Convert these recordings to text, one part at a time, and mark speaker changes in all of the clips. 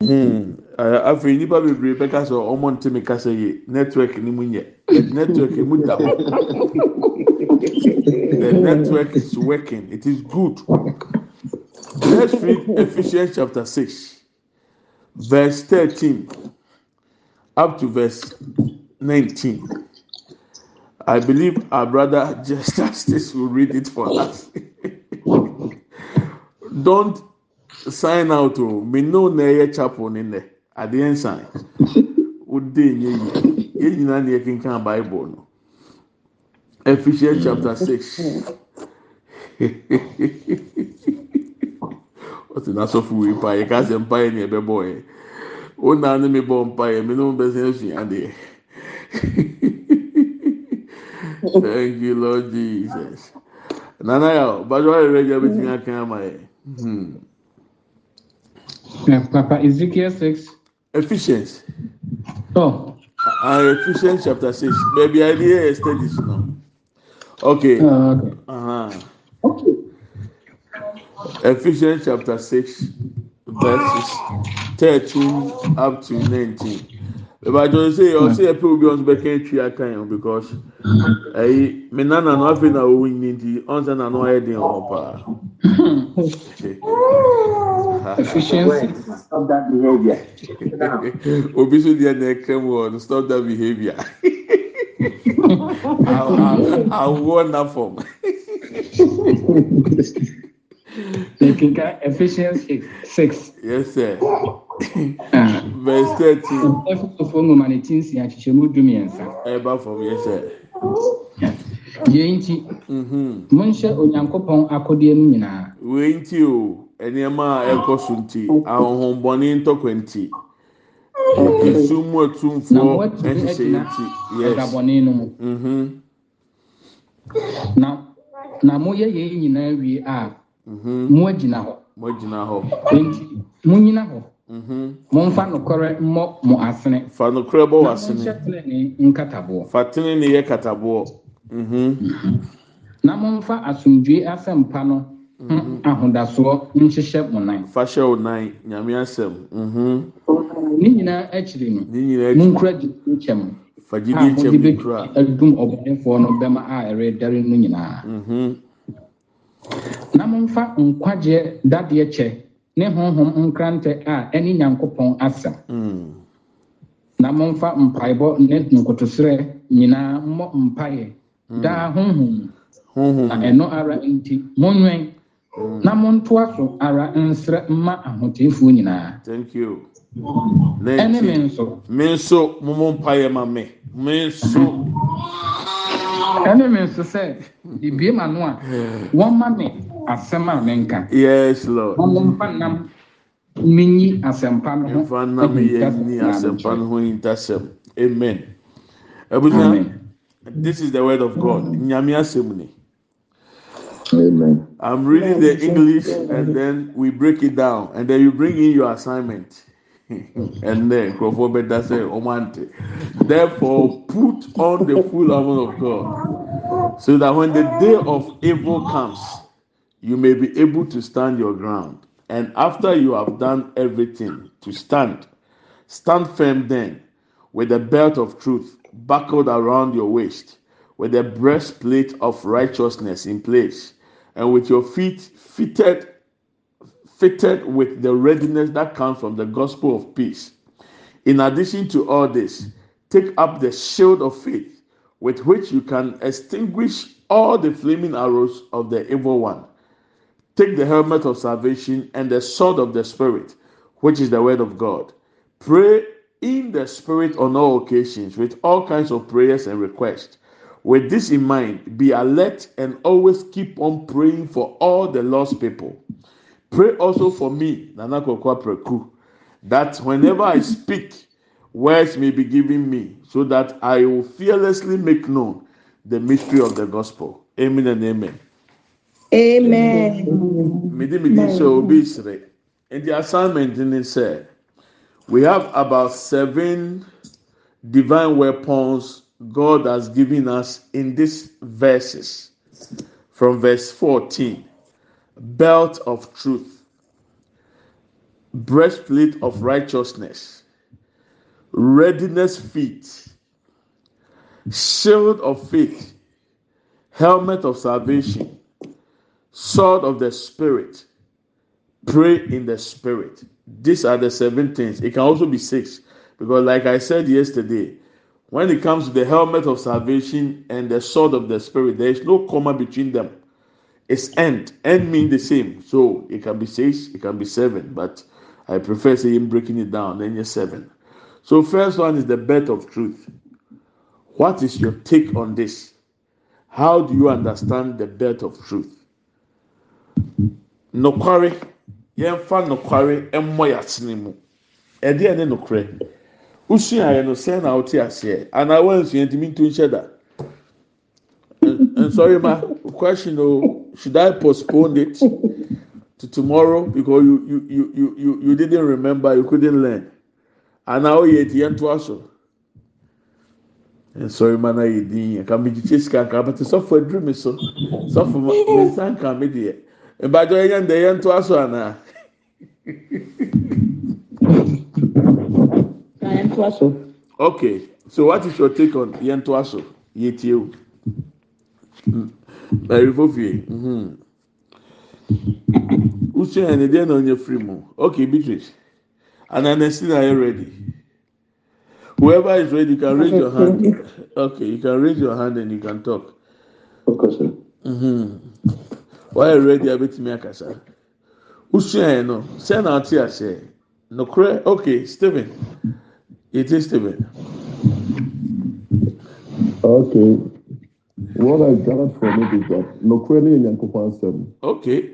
Speaker 1: Hmm. Eh, afei nipa bebree bɛka sɛ ɔmo ntumi kasa yie network ni mu nyɛ eh, network mu da hɔ the network is working it is good let's read ephesians chapter six verse thirteen up to verse nineteen i believe our brother justice will read it for us don't sign out o mene o nɛyɛ chapo ne nɛ adeɛnsin wodennyeyi ɛnyina nneɛ kenkan bible no epfesian chapter 6 ɔtnsɔfipɛ kasɛ mpɛneɛbɛbɛ onaa nemebɔmpɛ menebɛsesadeɛ tnk jesus nana ya bawayɛrɛgya bɛtiya keamayɛ hmm.
Speaker 2: Papa Ezekiel
Speaker 1: 6. Ephesians. Oh. Uh, Ephesians chapter 6. Maybe I did extend this now. Okay. Uh, okay. Uh-huh. okay. Ephesians chapter 6, verses 13 up to 19. batɔe sei ɔ se ɛpɛ obi ɔn s bɛka twi aka ɔ becaus ɛyi mena nano afei na wɔwo nyininti ɔnesɛ nano ayɛdehɔ paa obi so deɛ neɛkramwɔ stop ha behavio awɔ nafɔmiyɛs
Speaker 2: verse thirty. ɛfɔfɔ ŋoma ne ti nsia hyehyɛ mu du mmiɛnsa. ɛba fam
Speaker 1: yɛ sɛ. yɛn nti.
Speaker 2: monhyɛ onyankopɔn akɔdeɛ no nyinaa.
Speaker 1: wei nti o nneɛma mhm. a ɛkɔ so nti ahohombɔne ntɔkwa nti esu mu etumfoɔ ɛhyehyɛ nti yes. ɛdabɔne
Speaker 2: no mu. na na moyɛ yɛn nyinaa wie a. mo agyina hɔ. mo agyina hɔ. mo nyina hɔ. Mm-hmm. momfa nokorɛ mmɔ mo asene fa nokorɛ bɔ wasenhyɛ tenene nkataboɔ fa
Speaker 1: tenene yɛ kataboɔ mm-hmm. mm-hmm.
Speaker 2: na momfa asomdwee asɛmpa
Speaker 1: no ahodasoɔ nhyehyɛ mo nan fa hyɛ wo nan nyame asɛm ne nyinaa akyiri no monkura gyidie kyɛm ahode bɛtumi
Speaker 2: adum ɔbɔnefoɔ no bɛma a no nyinaa na nkwagyeɛ dadeɛ kyɛ ne honhom nkrantɛ a ɛne nyankopɔn asɛm hmm. na momfa mpaebɔ ne nkotoserɛ nyinaa mmɔ mpaeɛ hmm. daa honhom na ɛno ara nti monwɛn hmm. na montoa so ara nsrɛ mma ahoteefoɔ nyinaa
Speaker 1: ɛne me nso me nso momɔ mpaeɛ ma me me nso
Speaker 2: ɛne mi nso sɛ ebie ma no a wɔn ma mi asɛm a mi nka
Speaker 1: wɔn
Speaker 2: mfa nam mi nyi asɛmpa no
Speaker 3: ho mfa nam yɛ nyi asɛmpa
Speaker 1: no ho ntasɛm amen abusua this is the word of god nyame asɛm ni. Amen. I'm reading the English and then we break it down and then you bring in your assignment and nkurɔfoɔ bɛda sɛ ɔmo therefore put on the full armour of God so that when the day of evil comes you may be able to stand your ground and after you have done everything to stand stand firm then with the belt of truth buckled around your waist with the breastplate of righteousness in place and with your feet fitted fitted with the readiness that comes from the gospel of peace. In addition to all this, take up the shield of faith with which you can extinguish all the flaming arrows of the evil one. Take the helmet of salvation and the sword of the Spirit, which is the word of God. Pray in the Spirit on all occasions with all kinds of prayers and requests. With this in mind, be alert and always keep on praying for all the lost people. Pray also for me, Nana that whenever I speak, words may be given me, so that I will fearlessly make known the mystery of the gospel. Amen and amen.
Speaker 2: Amen.
Speaker 3: In
Speaker 1: the assignment in it said, we have about seven divine weapons God has given us in these verses, from verse 14 belt of truth, breastplate of righteousness, readiness feet, shield of faith, helmet of salvation, sword of the spirit, pray in the spirit. These are the seven things. It can also be six because, like I said yesterday, when it comes to the helmet of salvation and the sword of the spirit, there is no comma between them. It's end. End mean the same. So it can be six, it can be seven, but I prefer saying breaking it down, then you're seven. So first one is the birth of truth. What is your take on this? How do you understand the birth of truth? No yɛmfa nokware mmɔ yɛasene mu. Ɛde ɛne nokorɛ. Usuaeɛ no sɛn na wote aseɛ? Anaa wɔnsua ntumi ntu nhyɛ sorry, Nsɔre ma, question oh should I postpone it to tomorrow because you you you you you, you didn't remember, you couldn't learn. And now you at the end to us. Nsọrọ mma na yɛ din nka megyikye sika but abata for aduru mi so sɔfo ma ne nsa nka here. deɛ mbadɔ yɛ ndɛ yɛ nto aso anaa.
Speaker 4: Yɛ nto
Speaker 1: Okay, so what is your take on yɛ nto aso? ɛrifo fie hmm usu yɛn ne deɛ na ɔnyɛ firi mu okay beatrice ananasi na yɛ ready whoever is ready you can raise your hand okay you can raise your hand and you can talk are mhm. you ready abɛtumi akasa usu yɛn no sɛ na ɔte aseɛ nokorɛ okay stephen it stephen. okay. what i gathered from it is that nokorɛ ne yɛ nyankopɔn asɛm okay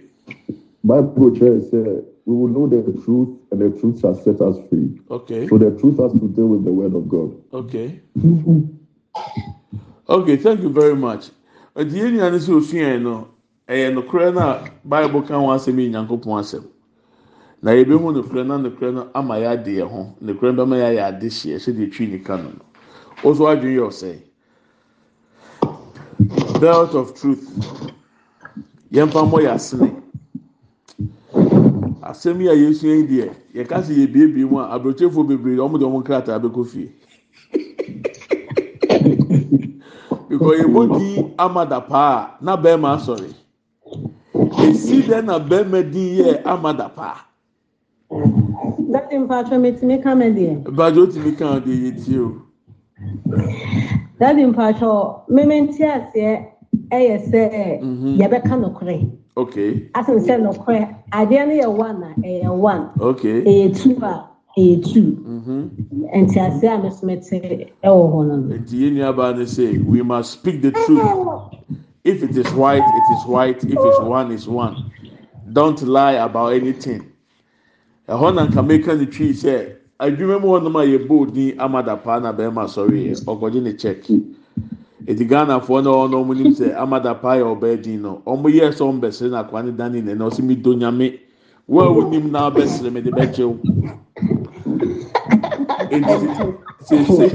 Speaker 1: bible kyerɛ sɛ we will know the truth and the truth shall set us free okay so the truth has to deal with the word of god okay okay thank you very much ɛdi yɛn nyinaa ne sɛ osua yɛn no ɛyɛ nokorɛ na bible ka ho asɛm yɛ nyankopɔn asɛm na yɛbɛhu nokorɛ na nokorɛ no ama yɛ adeɛ ho nokorɛ no bɛma yɛ ayɛ ade hyeɛ sɛ deɛ twi nika no no ɔso adwene yɛ ɔsɛe belt of truth yɛn fa mmɔ yɛ asene asɛm yi a yɛsua yi deɛ yɛka sɛ yɛbiebie mu a aburokyefo bebree wɔn de wɔn krataa bɛkɔ fie because yɛbɔ di amada paa na bɛrima asɔre esi dɛ na bɛrima di yɛ amada paa.
Speaker 4: dadi mpatsɔ mi
Speaker 5: tìmi kan mɛ deɛ.
Speaker 1: mpatsɔ tìmi kan deɛ yɛ tie o.
Speaker 5: dadi mpatsɔ mmemme ti aseɛ ɛyɛ mhm. "Yabeka no nɔkorɛ Okay. As nɔkorɛ say, no yɛ one a one?
Speaker 1: Okay. ɛyɛ two a ɛyɛ two mhm. nti aseɛ
Speaker 5: a mesomete
Speaker 1: ɛwɔ Oh, no. nti yɛn nuabaa ne sɛ we must speak the truth if it is white it is white if it is one it is one don't lie about anything A na nka meka ne twi sɛ. adwuma mu hɔnom a yɛ bold ni amadapa na bɛrima sɔre yɛ ɔkɔgye ne check eti na ɔwɔ na ɔmo nim sɛ amadapa yɛ ɔbaa din no ɔmo yɛ sɛ ɔmo bɛsere na akwa ne dan ɔsi mi do nyame wɔn a wɔnim na abɛsere mi de bɛkyew eti sese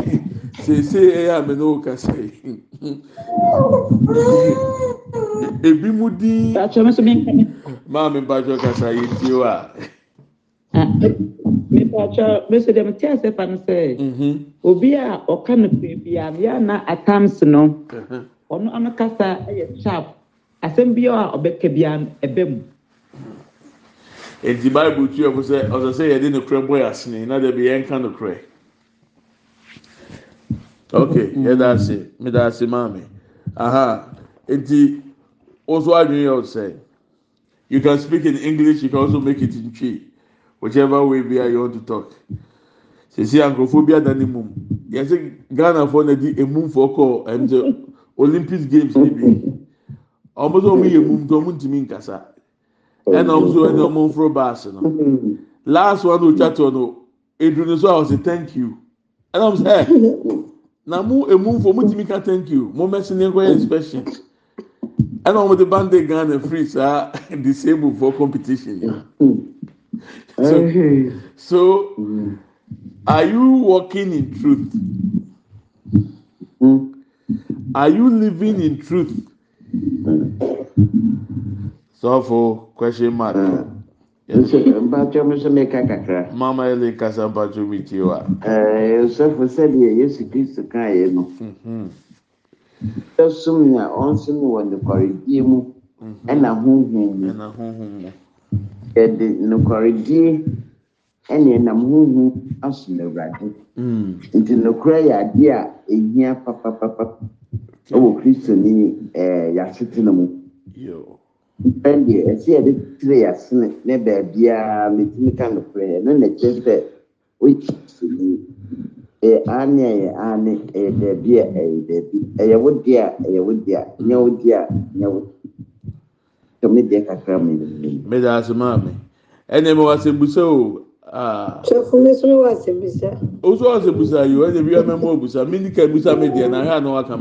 Speaker 1: sese ɛyɛ ame na ɔkasa yi ebi mu di maame mpatsɔ kasa yi ti wa.
Speaker 4: mepatwa meso deɛ mete asɛ fa no obi a ɔka no piibia mea na atams
Speaker 1: no mm-hmm.
Speaker 4: ɔno ano kasa yɛ sharp asɛm biara a ɔbɛka bia ɛbɛ
Speaker 1: mu nti bible tu ɛfo sɛ ɔsɛ sɛ yɛde nokorɛ bɔ yɛ na da bi yɛnka nokorɛ ok mm-hmm. yɛda ase meda ase maame aha nti wo so adwene yɛ wo sɛ you can speak in english you can also make it in tree whichever way bia you want to talk sisi ankurɔfoɔ bi ada mum. mu ghana fo na di emu fo kɔ ɛm sɛ olympic games ni bi ɔmo sɛ ɔmo yɛ mum nti ɔmo ntumi nkasa ɛna ɔmo sɛ ɛna ɔmo nforo baasi no last one otwa tɔ no edu ne so a ɔsɛ thank you ɛna ɔmo sɛ ɛ na mo emu fo ɔmo ntumi ka thank you mo mɛsi ne nkɔ yɛ inspection ɛna ɔmo de band de ghana free saa disabled for competition. Yeah so, hey. so are you walking in truth? Hmm? Are you living in truth? for question mark. Ah. Mama yɛ le nkasa mpatwa mi tie wa. Eh, Sọfọ sɛdeɛ Yesu Kristo kan yɛ no.
Speaker 4: Ɛsum mm-hmm. na ɔnso mi wɔ ne kɔrɔdie mu ɛna mm-hmm. huhun mu. yɛde nokwaredie ɛne ɛnam huhu asom awurade mm. nti nokorɛ yɛ adeɛ a ɛhia papapapa ɛwɔ kristo ni ɛɛ eh, na mu mpɛn deɛ ɛsɛ yɛde tire yasene ne baabiara metumi ka nokorɛ ɛno na ɛkyerɛ sɛ oyi kristo ni ɛyɛ ane a ɛyɛ ane ɛyɛ baabi a ɛyɛ baabi ɛyɛ wo deɛ a ɛyɛ wo deɛ a nyɛ wo deɛ a nyɛ wo deɛ.
Speaker 1: medaasm a me ɛne mew sɛmbusa oɔuso w sɛmbusayo neɛ miaa mamaɔbusa meni ka busa medeɛ noaha ne wɔaka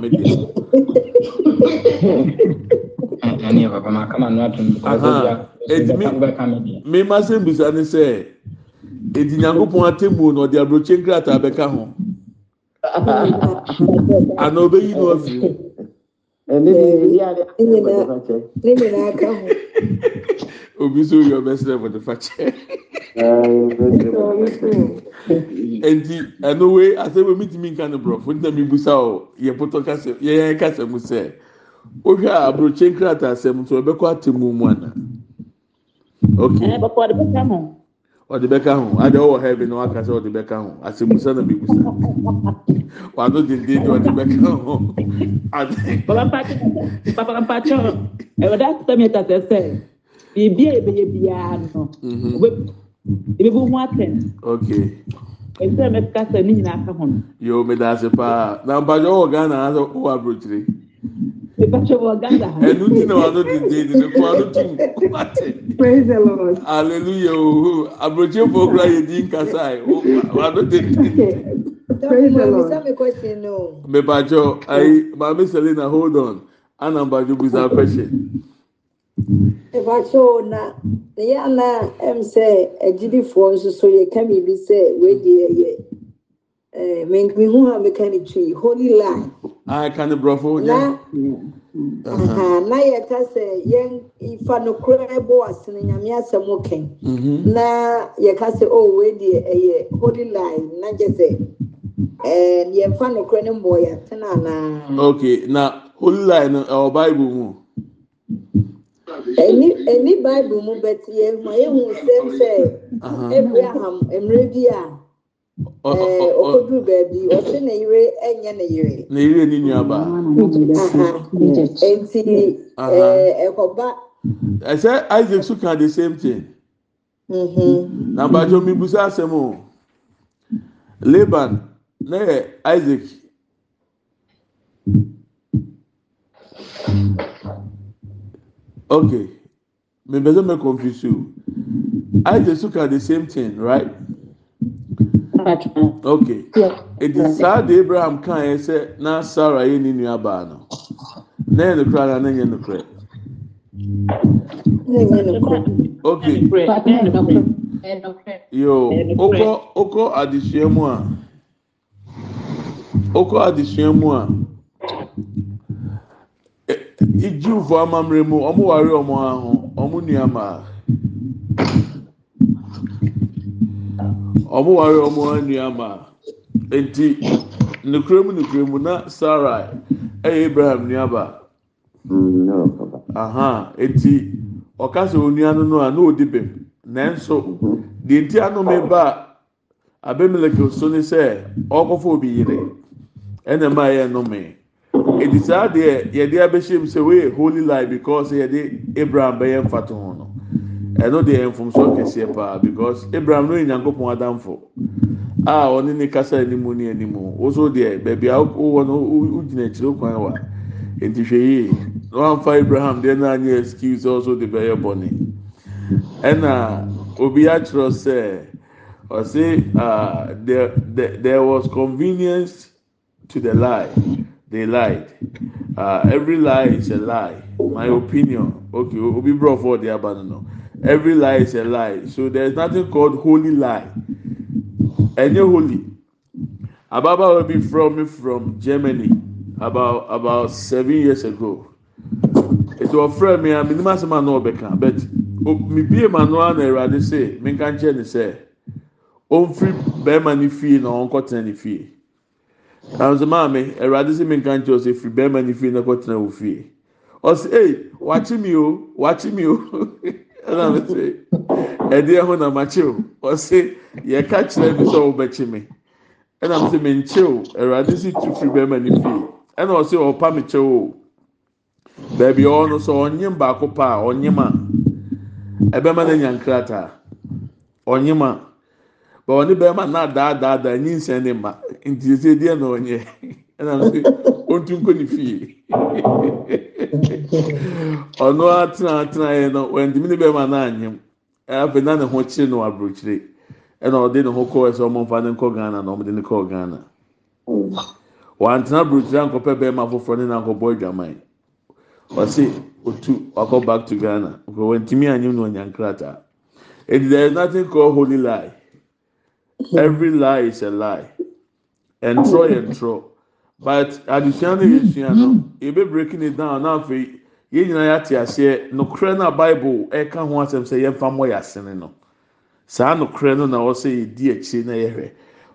Speaker 1: medeɛomema sɛmbusa ne sɛ ɔdi nyankopɔn atemmuo no ɔde abrɔkyen kra taa bɛka ho anaa ɔbɛyi ne afirim En di, en nou we, ase we miti minkan nou bro, fon di nan mibisa ou, oh, ye poton kase, ye ye kase mousè. Ou ka, ah, bro, chen krat ase mousè, webe kwa te mou mwana. Ok. E,
Speaker 4: webe kwa te mou mwana.
Speaker 1: ɔde bɛka ho ade ɔwɔ habi ne aka sɛ ɔde bɛka ho asɛbusa na mɛgusa ano denden e ɔde bɛkahoɛaɛ aabɛb ɛɛe inaho medaase paa nampa ɔwɔga naasɛwwɔabrɔyire
Speaker 5: praise the lord.
Speaker 1: hallelujah ooo aburokye fún okura yìí di nkasa yìí wàá lóde dé.
Speaker 5: praise the lord.
Speaker 1: mbẹ́bàjọ́ ayi maami selina hold on ana mbàjọ́ busa fẹ́ṣẹ̀.
Speaker 5: mbàjọ́ na ẹ̀yẹ́ àná ẹ̀m sẹ́ ẹ̀jídìfọ́ nsoso yẹ kẹ́mi bi sẹ́ wẹ́ẹ́dì ẹ̀yẹ ẹ̀ mẹ́nkìmí hu hàn mi kàn holy line.
Speaker 1: aka ne borɔfo na
Speaker 5: yɛka sɛ yɛmfa nokorɛ bɔ asene nyame asɛm kɛn na yɛka sɛ o wei deɛ ɛyɛ holy line na gye sɛ yɛmfa nokorɛ no mbɔ yɛatena na
Speaker 1: ok na holy line no ɛwɔ bible mu
Speaker 5: ɛni ɛni bible mu bɛte yɛn ma yɛhu sɛm sɛ abraham bi a
Speaker 1: ọkọdụ eh, oh, oh,
Speaker 5: oh. beebi ọsị na ire enye na ire
Speaker 1: na ire ni nuaba
Speaker 5: eti ẹkọba.
Speaker 1: Eh, ẹsẹ isaac too can the same thing.
Speaker 3: Mhm.
Speaker 1: na mbajo mi busa asem o laban na yẹ isaac. okay mi bẹ sẹ mi confuse you isaac too can the same thing right. ɛdi saa de abraham kae yɛ sɛ na sara yɛ ne nnuaabaa no ne ɛ nokra noane yɛ nokrɛadeuawokɔ adesua mu a giwfoɔamammrɛ mu e, e, ɔmoware ɔmɔha ho ɔmo nnuaabaa ɔmo wari ɔmo anua ama, nti nukuri mu nukuri mu na Sarai ɛyɛ e Abraham nuaba aha mm, eti ɔkasa onua no no a na odi bem nanso mm-hmm. deɛ nti anome ba Abimeleki so e ne sɛ ɔkɔfo obi yire ɛna mma yɛ nome edi saa deɛ yɛde abɛhyɛ mu sɛ wei holy life because yɛde Abraham bɛyɛ mfa to ho. ɛno deɛ mfomso kɛseɛ paa because abraham no yɛ nyankopɔn adamfo a ɔne ne kasa anim ne anim woso deɛ baabi a wowɔ no wogyina akyire kwan wa nti hwɛ yie na wamfa abraham deɛ no anyɛ excuse ɔso de bɛyɛ bɔne ɛna obi akyerɛ sɛ ɔse there there was convenience to the lie they lied uh, every lie is a lie my opinion okay obi brɔ fɔ ɔde aba no no. every lie is a lie so there is nothing called holy lie ẹnyẹ holy ababaawa be from me from Germany about about seven years ago ètò ọ̀frẹ́ mi àmì ní màsímà náà ọ̀bẹ̀ka but mi bíi ma náà na ẹ̀rọ adé sè mí nká nkyẹn ní sẹ́ ó ń fi bẹ́ẹ̀ma ní fìyè náà ó ń kọ́ tẹ̀lé ní fìyè nanso maame ẹ̀rọ adé sè mí nká nkyẹn ọ̀sẹ̀ fi bẹ́ẹ̀ma ní fìyè náà kọ́ tẹ̀lé wò fìyè ọ̀sẹ̀ ẹ̀ wàá kí mi o wàá kí mi o. ɛna mi sɛ ɛdeɛ ho na ma kyew ɔsi yɛka kyerɛ mi sɛ ɔbɛkye mi ɛna mi sɛ mi nkyew ɛwurade si tu firi bɛrima ni fie ɛna ɔsi ɔpa mi kyew o beebi ɔwɔ no sɛ ɔnyim baako paa ɔnyim a ɛbɛrima no nya nkrataa ɔnyim a bɔn ɔne bɛrima na daadaadaa nyinsɛn ne ma ntiɛsɛ deɛ na ɔnyɛ ɛna mi sɛ ɔntu nkɔ ne fie. ɔno atenatenaeɛ no wantumi ne bɛma no anyem afei na ne ho kyere no aburokyire ɛna ɔde ne ho kɔɔ sɛ ɔmɔmfa ne nkɔ ghana na ɔmde ne kɔɔ ghana wantena aburokyire ankɔpɛ bɛrima foforɔ ne nankɔbɔ ọ ɔse otu wakɔ back to ghana wantumi anyem na ɔnya nkrataa it e there is nothing called holy lie every lie is a lie ɛntrɔ yɛ ntrɔ but adesua hmm. no yɛsua no yɛbɛ breaking it down now. afei yɛn nyinaa yɛate aseɛ nokorɛ no a bible ɛka ho asɛm sɛ yɛmfa mmɔ no saa nokorɛ no na ɔsɛ di akyire na yɛhwɛ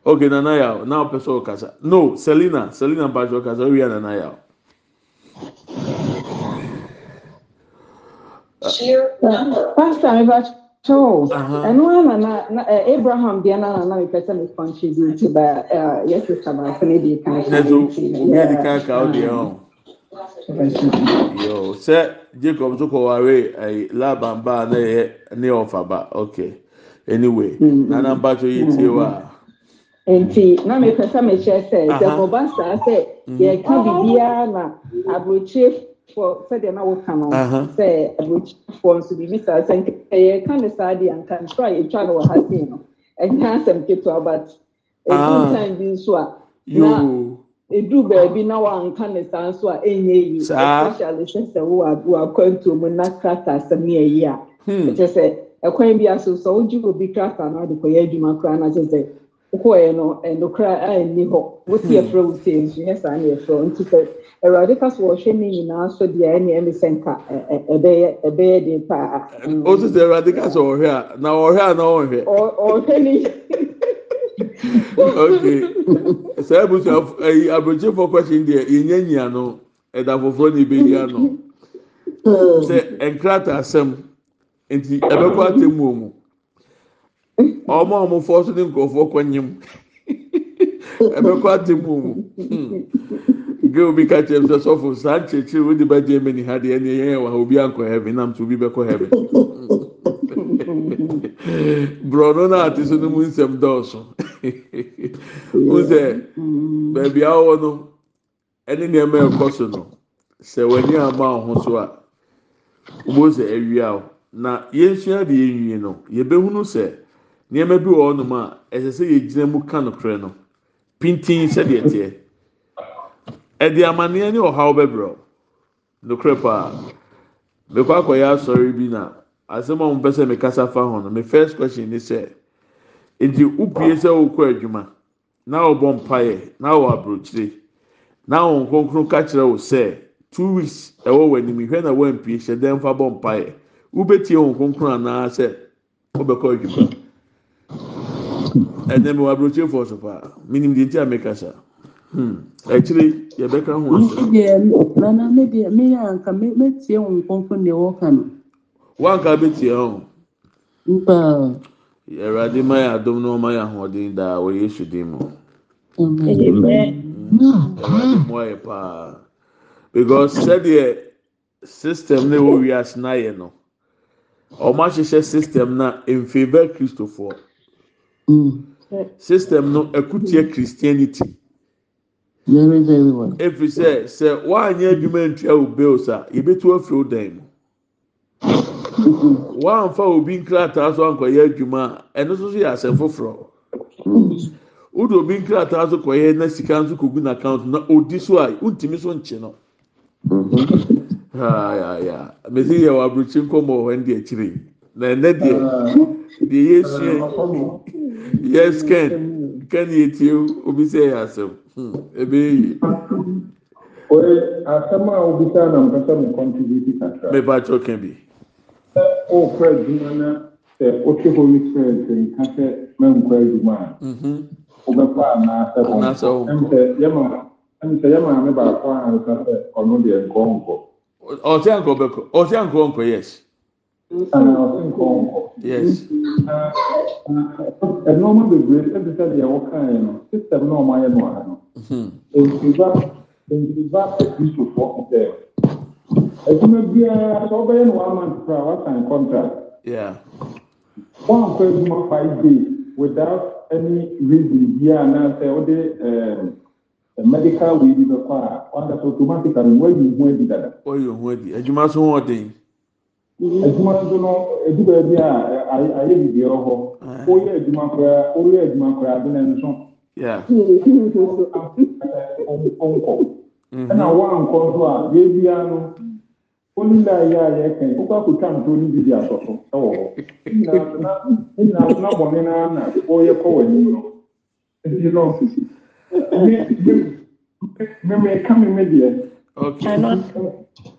Speaker 1: okay nana yaw na ɔpɛ sɛ ɔkasa no selina selina baasi ɔkasa ɔwia nana yaw.
Speaker 4: Pastor, So, uh-huh. and na, na, Abraham di ana na na pese mi
Speaker 5: contribute ba uh, yes sister ba se ne di kan. Ezo ye di kan ka o di on.
Speaker 1: Yo, se Jacob so ko ware eh Laban ba na ye ne ofa ba. Okay. Anyway, mm-hmm. na na ba to yi ti wa.
Speaker 5: Mm-hmm. Nti na mi pese mi che se
Speaker 4: se ko ba sa se mm-hmm. ye ka bibia na abrochie fɔ uh-huh. sɛdeɛ na woka no sɛ aburokyifoɔ nso biribi saa sɛ ɛyɛ ka ne saa deɛ anka nsoro a yɛtwa no wɔ ha sei no ɛnyɛ asɛm ketewa but ɛdu time bi nso a na ɛdu eh, baabi eh, hmm. eh, na wanka ne saa nso a ɛnyɛ yi especially sɛ sɛ wo wakwantuo mu na krata asɛm ne ɛyi a ɛkyɛ sɛ ɛkwan bi aso sɛ wogye obi krata no ade kɔyɛ adwuma koraa na kyɛ sɛ wokɔɛ no ɛnokora a ɛnni hɔ wote wo sei nso yɛ saa ne yɛfrɛ nti sɛ awurade ka so wɔhwɛ ne nyinaa so deɛ ɛne ɛne sɛ nka ɛbɛyɛ ɛbɛyɛ den paa. o
Speaker 1: tún sɛ awurade ka so ɔhwɛ a na ɔhwɛ a na ɔhwɛ.
Speaker 4: ɔhwɛ ni.
Speaker 1: ok sɛ ebusu ayi aburukyefo question deɛ yɛnyɛ nyia no ɛda foforɔ na ebe yia no sɛ nkrata asɛm nti ɛbɛkɔ atemu wɔn mu ɔmo a ɔmo fɔ so ne nkurɔfoɔ kɔ nyim ɛbɛkɔ atemu wɔn mu. yeobi ka kyerɛm sɛ sɔfo saa nkyeerɛkyire wode bɛgy manihadeɛnɛɛɛwbiankɔhnambibɛkɔh borɔno no ate so no mu nsɛm dɔɔso wu sɛ baabiaɔɔ no ɛne neɛma ɛkɔ so no sɛ waneama wɔ ho so a wobɛh sɛ awia na yɛnsua deɛɛwii no yɛbɛhunu sɛ nneɔma bi wɔ ɔnom a ɛsɛ sɛ yɛgyina mu ka nokrɛ no pintin sɛdeɛ teɛ ɛde amanneɛ ne ɔhaw bɛbrɛ nokorɛ paa mekɔ akɔyɛ asɔre bi na asɛm a mpɛ sɛ mekasa fa ho no me first question ne sɛ nti wopie sɛ wokɔ adwuma na wɔbɔ mpaeɛ na wɔ aburokyire na wɔn nkronkron ka kyerɛ wo sɛ two weeks ɛwɔ w'anim hwɛ na wampie hyɛ dɛm fa bɔ mpaeɛ wobɛtie wɔn kronkron anaa sɛ wobɛkɔ adwuma ɛnɛ mi wɔ aburokyire fɔ so paa minim deɛ nti a mekasa. Hmm. Actually, akyire yɛbɛka ho
Speaker 5: asɛm
Speaker 2: um,
Speaker 1: wanka bɛtie ho awurade ma yɛ adom na ɔma yɛ ahoɔden daa wɔ yesu din mu awurade mmoa yɛ paa because sɛdeɛ system na ɛwɔ wiase na yɛ no ɔmo ahyehyɛ system na mfeebɛ kristofoɔ hmm. system no ɛkutia christianity. Mm very very well. efi sɛ sɛ wanyɛ adwuma ntua wo bills a yɛbɛtu afiri wo dan mu wamfa obi nkrataa so ankɔyɛ adwuma a ɛno nso so yɛ asɛm foforɔ wode obi nkrataa so kɔyɛ na sika nso kɔgu n'account na odi so a wontumi so nkye no mesi yɛ wɔ aburukyi nkɔmɔ wɔ hɔ ɛndi akyire na ɛnɛ deɛ deɛ yɛ sua yɛ scan ka na etie obisa ya asɛm ebe eyi. oye
Speaker 3: asɛm mm-hmm. a obisa na mpasa mu kɔntribute kakra.
Speaker 1: mmepa atwa ka bi.
Speaker 3: o fɛ adwuma na sɛ o te hɔ yi sɛ nka sɛ mɛ nkɔ adwuma a. o bɛ kɔ anaasɛ wɔn. anaasɛ wɔn. ɛnfɛ yɛma ɛnfɛ yɛma ame baako a nkasa
Speaker 1: ɔno deɛ nkɔ nkɔ. ɔsɛ nkɔ bɛkɔ ɔsɛ nkɔ nkɔ yes
Speaker 3: ɛnoɔma bebree ɛte sɛ deɛ wɔkaeɛ no system na ɔmayɛ no aha no ɛntiba ɛntiba akristofoɔ sɛ adwuma biara sɛ wobɛyɛ no one month kora wasan contract woamfa adwuma five days without any reason biaa anaasɛ wode eh, medical wei bi bɛkɔ a wanda so automatically
Speaker 1: woayi ho adi dada adwuma so ho ɔden
Speaker 3: adwuma nso no edu baabi a ayɛ biribi wɔ hɔ oyɛ adwuma koraa oyɛ adwuma koraa bi na nso ɔnkɔ mm-hmm. ɛna wankɔ nso a deɛ no only na ayɛ a ɛwɔ hɔ na na ɔyɛ no ka deɛ.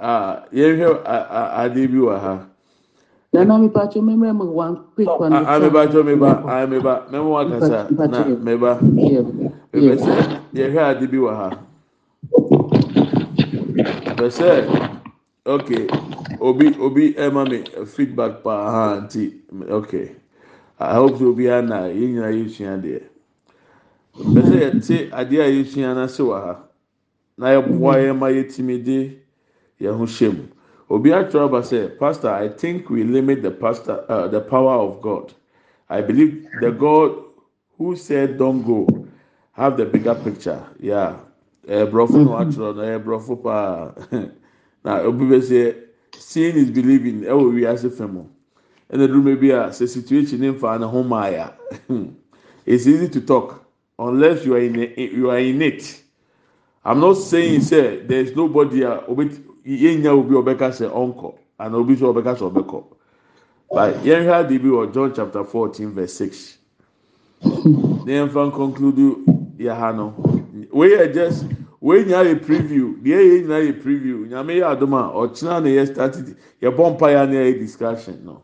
Speaker 1: Ah, yɛnhwɛ adi ah, ah, bi wɔ ha
Speaker 2: nana mi pàtó mi mẹ́mu quick one. a mi
Speaker 1: pàtó mi ba a mi ba mẹ́mu wá kasa na mi ba mi ihe. yẹ hwẹ adi bi wà ha mi sẹ ok obi obi ẹ ma mi feedback pa ha nti ok i hope say ha na yẹ nyina yẹ sua deɛ mi sẹ yẹ ti adeɛ a yẹ sua na se wà ha na yɛ bua yɛ ma yɛ timi de. yɛn ho hyɛ mu obi atwerɛ pastor i think we limit the pastor uh, the power of god i believe the god who said don't go have the bigger picture yeah ɛbrɔfo na mm-hmm. atwerɛ no ɛbrɔfo paa na obi bɛ seeing is believing ɛwɔ wiase fam o ɛna duruma bi a situation in nfa ne ho ya it's easy to talk unless you are in a, you are in it i'm not saying mm-hmm. say there is nobody a uh, obi. yɛa ɔbi ɔbɛka sɛ ɔnkɔanaobɔbɛa sɛɔbɛkɔb yɛnɛ de bi wɔ jon cha14:6ɛmf nkdɛjayɛpevwɛyinayɛ preview nyameyɛ adma ɔkyena no yɛ sadyɛbɔmpyɛanɛyɛdiscssion no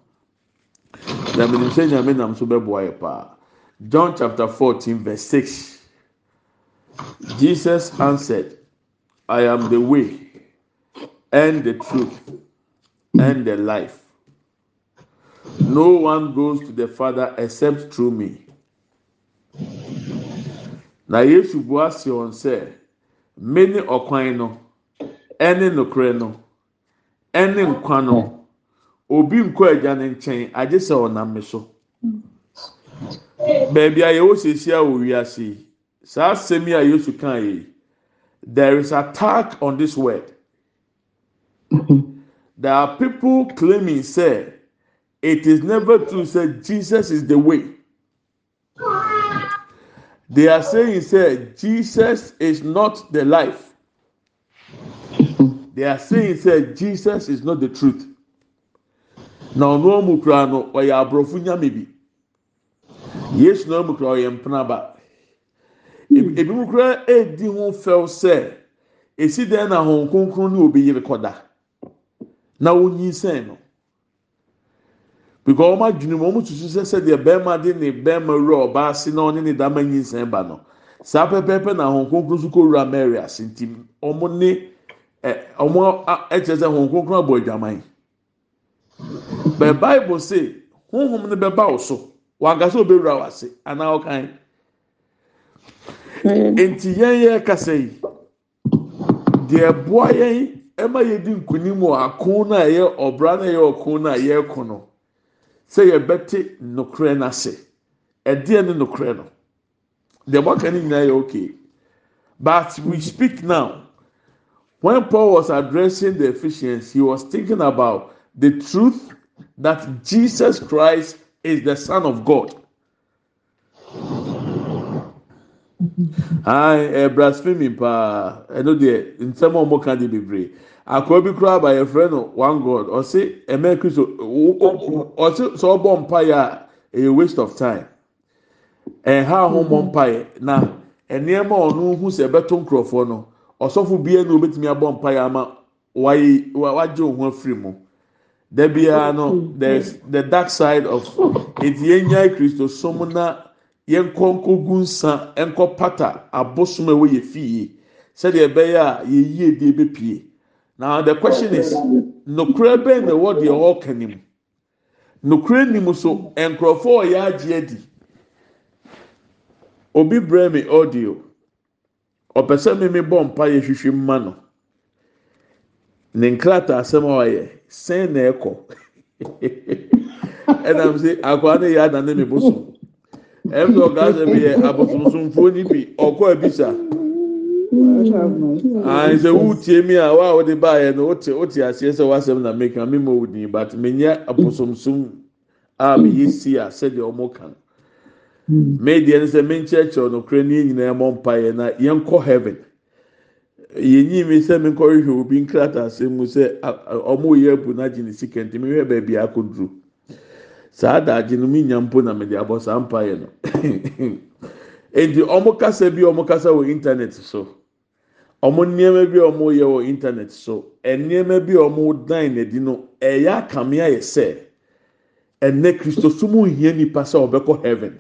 Speaker 1: amen ɛnanamobɛboayɛ paa john 14:6 and the truth and the life. No one goes to the Father except through me. Na Yesu bu ase wɔn sɛ, me ne ɔkwan no, ɛne nokorɛ no, ɛne nkwa no, obi nkɔ agya ne nkyɛn, agye sɛ ɔnam me so. Baabi a yɛwɔ siesie a saa a Yesu kan yi, there is attack on this word there are people claiming say it is never true say jesus is the way they are saying say jesus is not the life they are saying say jesus is not the truth na ọ̀nà ọ̀mù kura no ọ̀yẹ̀ àbọ̀rọ̀fù nyàmé bi yesu na ọ̀mù kura ọ̀yẹ̀ mpanaba ebi mu kura edi ho fẹ́w sẹ́ esi dẹ́n na hàn kónkón ní obi yẹ kọ́ da. na wonyinsɛn no because wɔn adwene mu wɔn tutu sɛ sɛdeɛ bɛrima de ne bɛrima wura ɔbaa ase na ɔne ne dama nyinsɛn ba no saa pɛpɛɛpɛ na ahɔn kronkron so kɔwura mary ase nti wɔn ne ɛ wɔn ɛkyerɛ sɛ ahɔn kronkron abɔ adwaman bɛ bible say honhom no bɛba wo so wankasa obewura wase anaa ɔkan nti yɛn yɛ kasa yi deɛ boa yɛn. ɛma yɛdi nkunim wɔ ako no a ɛyɛ ɔbra no a ɛyɛ ɔko no a yɛreko no sɛ yɛbɛte nokorɛ no ɛdeɛ ne no deɛ nyinaa yɛ okay but we speak now when paul was addressing the ephesians he was thinking about the truth that jesus christ is the son of god ɛɛ blasphemy pa. I know paa in some nsɛm a wɔn ka I could be bi by a friend no one god ɔsi ɛmɛ kristo ɔsi sɛ ɔbɔ mpaeɛ a ɛyɛ waste of time And how home ɛha ahomɔ mm-hmm. mpaeɛ na who's a ɔno ho sɛ ɛbɛto nkurɔfoɔ no ɔsɔfo bia na obetumi why why do wayɛ wagye ohun afiri mu dɛbia no there's the dark side of it. yɛn nyɛ kristo som yɛnkɔ gu nsa nkɔ pata abosom a ɛwɔ yɛ fie sɛdeɛ ɛbɛyɛ a yɛyie deɛ bɛpie na the question is nokura bɛn na ɛwɔ deɛ ɔɔka nim nokura nim so nkurɔfoɔ a ɔyɛ agye di obi brɛ mi audio ɔpɛ sɛ mímí bɔ mpa yɛ hwehwɛ mma no ne nkrataa asɛm a ɔyɛ sɛn na ɛkɔ ɛnam sɛ akwadaa no yɛ adanne mi so. ɛmu sɛ ɔka sɛ mi yɛ abosomsomfoɔ ni bi wù mi ah, a wà ɔde ba yɛ no na mi kan mi ma wò din but mi nyɛ a mi si a sɛdeɛ ɔmo kan mi deɛ no mi nkyerɛkyerɛ no kura ne nyinaa mpa na yɛn heaven mi mi nkọ obi nkrataa mu na mi duro. saa daagye no mi nya mpo na mede abɔ saa mpa mpaeɛ no nti ɔmo kasa bi ɔmo kasa wɔ internet so ɔmo nneɛma bi a ɔmo yɛ wɔ internet so nneɛma bi a ɔmo dan n'adi no ɛyɛ akame ayɛ sɛ ɛnɛ kristo so mu nhia nipa sɛ ɔbɛkɔ heaven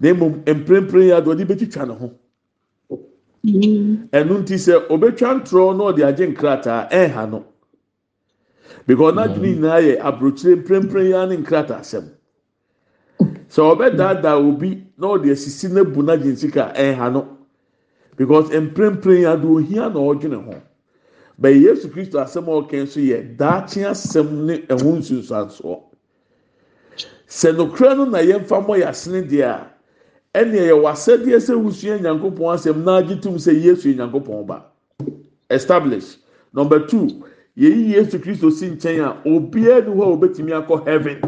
Speaker 1: na mmom mprempren yɛ adi ɔde betwitwa ne ho ɛnu nti sɛ obetwa ntorɔ na ɔde agye nkrataa ɛnha no. because n'adwene mm. nyinaa yɛ aburokyire mprempren ya ne nkrataa asɛm sɛ ɔbɛdaadaa mm. obi na ɔde asisi n'ebu n'agye nsika ɛnha eh, no because mprempren ya do ohia na ɔdwene ho bɛyɛ yesu kristo asɛm a ɔka nso yɛ daakye asɛm ne ɛho nsunsuansoɔ sɛ nokura no na yɛmfa mmɔ yɛ asene deɛ a ɛnna yɛ wasɛdeɛ sɛ wusua nyankopɔn asɛm na agye tum sɛ yesu nyankopɔn ba establish number two yɛyi yesu kristo si nkyɛn a obiara ni hɔ a obetumi akɔ heaven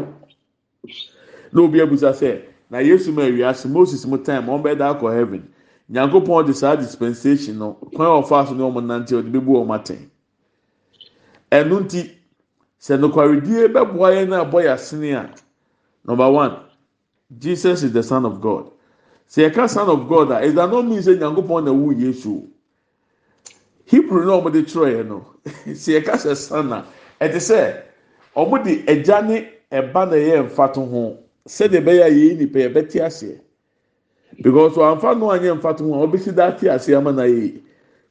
Speaker 1: na obi busa sɛ na yesu ma awia ase moses mu time wɔn bɛ da akɔ heaven nyankopɔn de saa dispensation no kwan a ɔfa so ne wɔn nante ɔde bebu wɔn atɛn ɛnu nti sɛ nokwaredie bɛboa yɛn na abɔ yɛ a number one jesus is the son of god sɛ yɛka son of god a it does not mean sɛ nyankopɔn na ɛwu yesu o hebrew na wɔde twerɛeɛ no sɛ yɛka sɛ sana ɛte sɛ wɔde agya ne ɛba na ɛyɛ mfato ho sɛdeɛ ɛbɛyɛ a yɛyɛ nipa yɛbɛte aseɛ because wɔamfa no anyɛ mfato ho a wɔbɛsi da ate aseɛ ama na yɛyɛ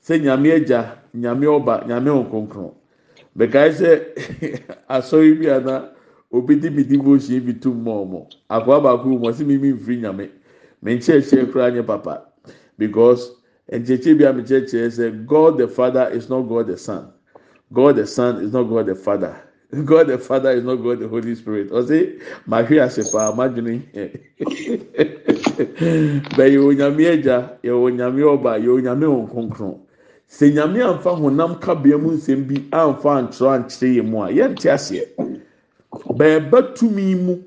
Speaker 1: sɛ nyame agya nyame ɔba nyame nkonkron bɛkae sɛ asɔre bi ana obi di mi devotion bi tum mɔ ɔmo akɔla baako wɔn si mi mi nfiri nyame mi nkyɛnkyɛn koraa nye papa because nkyɛnkyɛn bi a mi kyerɛkyerɛ sɛ god the father is not god the son god the son is not god the father god the father is not god the holy spirit ɔsi maa hwi ase paa maa dwene bɛyɛ onyame agya yɛ onyame ɔba yɛ onyame nkonkron sɛ nyame anfa honam kabea mu nsɛm bi anfa ankyerɛ ankyerɛ yɛ mu a yɛnte aseɛ bɛɛba tumi mu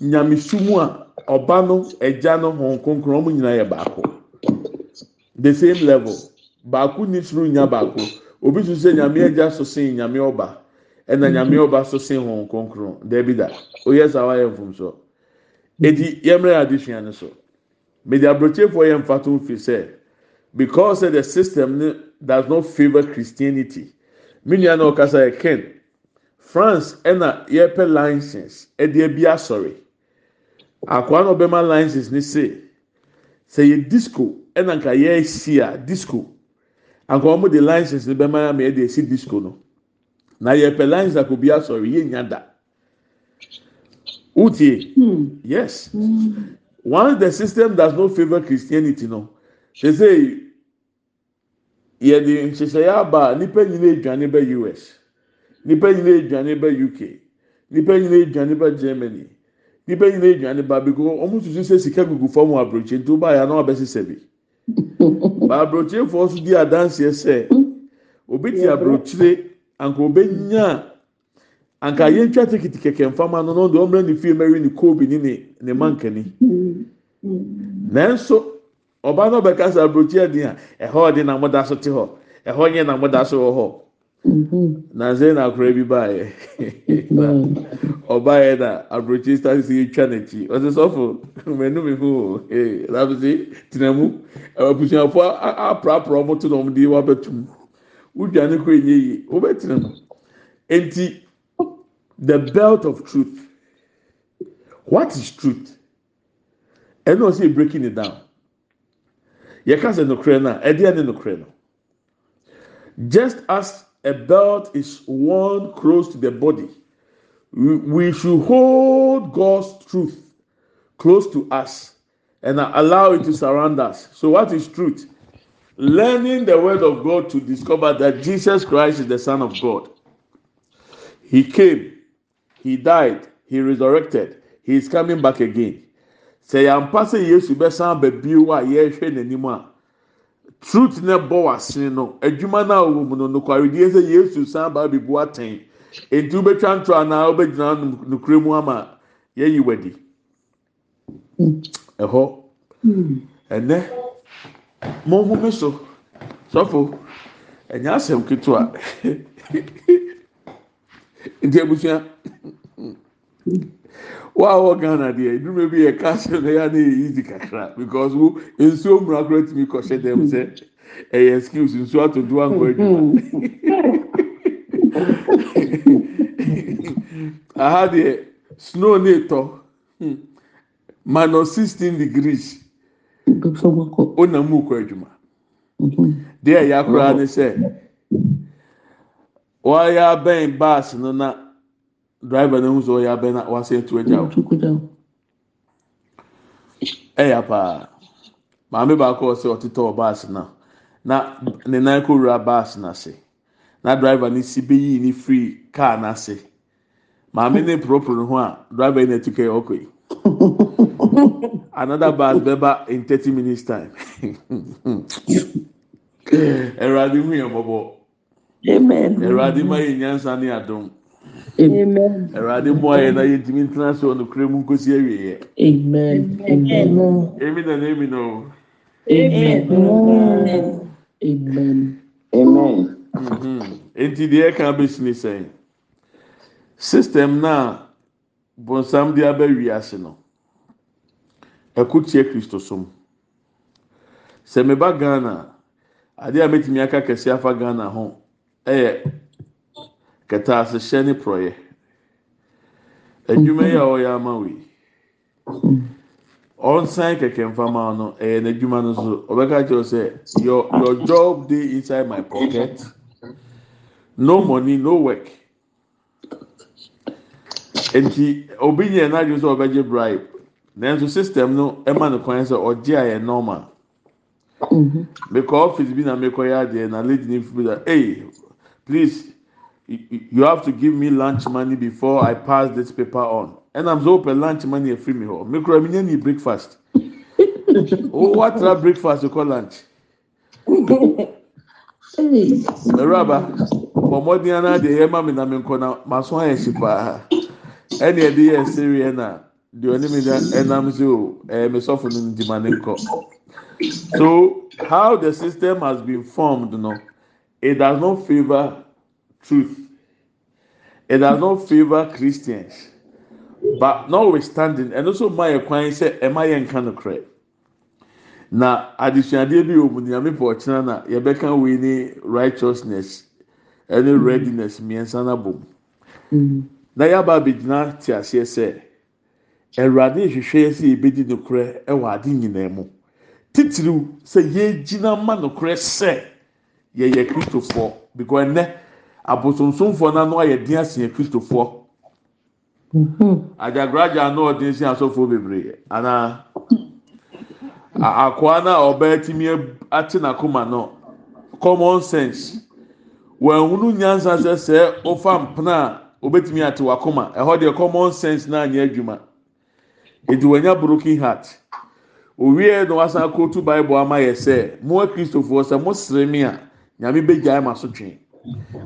Speaker 1: nyamesu mu a ɔba no agya no hɔn nkonkron ɔmo nyinaa yɛ baako the same level baako ni suru nya baako obi tún sẹ nyame ẹja so sin nyame ọba ẹna nyame ọba so sin wọn kọnkron dẹbi da oyẹ sá wayẹ nfum so eti yẹmúrẹ adisua ni so media aburokyefo yẹ nfa tó nfi sẹ because the system does not favour christianity minia náà ọkasa yẹ ken france ẹna yẹ pẹ license ẹdi ẹbi asọri akwa náà ọbẹ ma license ni se. sẹ yẹ disco ɛna nka yɛresi a disco anka wɔn de license bɛma ama yɛde esi disco no na yɛpɛ license a kobi asɔre yɛ nya da utie hmm. yes hmm. once the system does not favour christianity no they say yɛde nhyehyɛ yɛ aba nipa nyina edwane bɛ us nipa nyina edwane bɛ uk nipa nyina edwane bɛ germany nipa nyina edwane bɛ abiko wɔn soso sɛ sika gugu fam wɔ aburokye ntoba yɛ anam abɛsisɛ bi. ma aburokyerefoɔ nso di adanseɛ sɛ obi te aburokyire anka obenya anka yɛntwa tikiti kɛkɛ mfama no no deɛ ɔmmerɛ ne fie mɛri na koobi ne ne ne mankani nanso ɔbaa no bɛka a ɛhɔ na mo da so te hɔ ɛhɔ nyɛ mo da so Mm-hmm. na sị na akwụrụ ebi baayị na ọbaayị eh, na aburokyi stars etwa n'ekyi ọsị sọfọ mmenu mmefo o ee n'abịsị tinamu abusuafo eh, aprapra ọmụ tụ na ọmụ dị wabɛtum ụdwa n'ekwu enye yi ọbɛtina mu eti the belt of truth what is truth ɛna ọsị breaking it down yɛ kasa n'okure na ɛdeɛ ne n'okure no just ask a belt is worn close to the body. We should hold God's truth close to us and allow it to surround us. So, what is truth? Learning the word of God to discover that Jesus Christ is the Son of God. He came, He died, He resurrected, He is coming back again. Sɛ yɛampa sɛ Yesu bɛsan bɛbie wo a truth na ɛbɔ w'asene no adwuma no a ɔwɔ mu no nokwaredie sɛ yesu san baa bibu atɛn nti wobɛtwa nto anaa wobɛgyina nokura mu ama yɛyi wadi mm. ɛhɔ mm. ɛnɛ monhome so sɔfo ɛnyɛ asɛm ketewa mm. nti abusua woa wɔ ghana deɛ duruma bi yɛ casem no yɛ a na yɛ yidi kakra because wo nsuo mmura kora atumi kɔhyɛ dam sɛ ɛyɛ skulls nsuo atontowankɔ adwuma aha deɛ sno ne tɔ manɔ hmm. 6ix degrees wona mukɔ adwuma mhm. deɛ ɛya koraa ne sɛ wayɛ bɛn bas no na driver ne nso ya bɛn na wase etu agya o ɛya e paa maame baako ɔsɛ ɔtetɔ baasi na na ne nan ko wura baasi n'ase na driver ne si bɛyi ne firi kaa n'ase maame ne poroporo ne ho a driver yi na etu kɛ ɔkɔ yi another bus ba in thirty minutes time ɛwurade hu yɛ bɔbɔ ɛwurade ma yɛ nyansa ne adum. awurade mmoayɛ na yɛntimi ntna sɛɔ nokorɛ mu nkɔsi awieeɛ
Speaker 2: eminanami no o
Speaker 1: mhm. enti deɛ ɛka bɛsini sɛn system na a bonsam de abɛwie ase no ɛko tiɛ kristosom sɛ me ba ghana adeɛ a mɛtumi aka kɛseaa fa ghana ho ɛyɛ kɛtɛ asehyɛ ne porɔyɛ adwuma yi a ɔyɛ ama wei ɔnsan kɛkɛ mfama no ɛyɛ n'adwuma no so ɔbɛka kyerɛ sɛ your your job dey inside my pocket no money no work nti obi nyɛ n'adwuma sɛ ɔbɛgye bribe nanso system no ɛma no kwan sɛ ɔgye ayɛ normal mhm. mekɔ office bi na mekɔ yɛ adeɛ na lady ne fi bi da hey please. you have to give me lunch money before I pass this paper on. And I'm so open lunch money free me home. Oh, Mikro need breakfast. Oh, what that breakfast you call lunch?
Speaker 5: Meraba,
Speaker 1: bọmọdé yẹn de yẹ ma mi na mi nkọ na ma so ayẹ si paa. Ẹni ẹdi yẹ siri eh, na the only ni mi na ẹnam si o ẹ mi sọfún ni mi di So how the system has been formed, no, it does not favour truth. It does not favor Christians. But notwithstanding, and also my acquaintance said, Am I in Canocre? na adesuadeɛ bi wɔ mu nyame pɔɔkyena na yɛbɛka wei ne righteousness ɛne mm-hmm. readiness na no abom mm-hmm. na yɛaba abɛgyina te aseɛ sɛ awurade ehwehwɛ yɛ sɛ yɛbɛdi nokorɛ ɛwɔ ade nyinaa mu titiriw sɛ yɛgyina ma nokorɛ sɛ yɛyɛ kristofoɔ because ɛnɛ abosomsomfoɔ n'ano ayɛ den asia kristofoɔ
Speaker 3: mhm.
Speaker 1: agyagragya ano ɔden si asɔfoɔ bebree ana akoa na ɔbaa timi ate n'akoma no common sense wɔnhunu nyansa sɛ sɛ ɔfa mpena a obetumi ate w'akoma ɛhɔ deɛ common sense na anya adwuma edi wɔnya broken heart owie na wasan kootu bible ama yɛ sɛ mo akristofoɔ sɛ mo sere mi a nyame begyae ma so twen.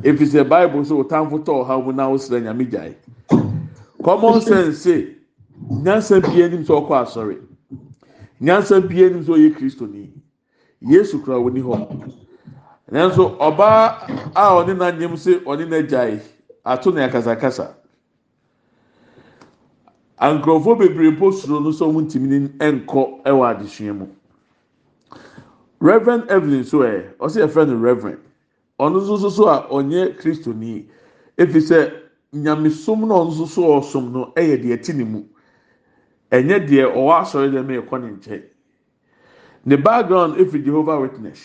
Speaker 1: If it's sɛ bible so time for talk. How we now ɔsrɛ nyame gyae common sense sɛ nyansa bie anim sɛ ɔkɔ asɔre nyansa bie anim sɛ ɔyɛ kristo ni yesu kura wɔ ni hɔ nanso ɔbaa a ɔne n'anyam sɛ ɔne n'agyae ato ne akasakasa nkurɔfoɔ bebree mpo soro no sɛ wɔn ntumi nkɔ wɔ adesua mu reverend evelyn so ɛ ɔsɛ yɛfrɛ no reverend. ɔno nso soso a ɔnyɛ kristo ni efi sɛ nyamesom na ɔno soso a ɔsom no ɛyɛ deɛ ti ne mu ɛnyɛ e deɛ ɔwɔ asɔre dɛm ɛkɔ ne nkyɛn ne background efi Jehovah Witness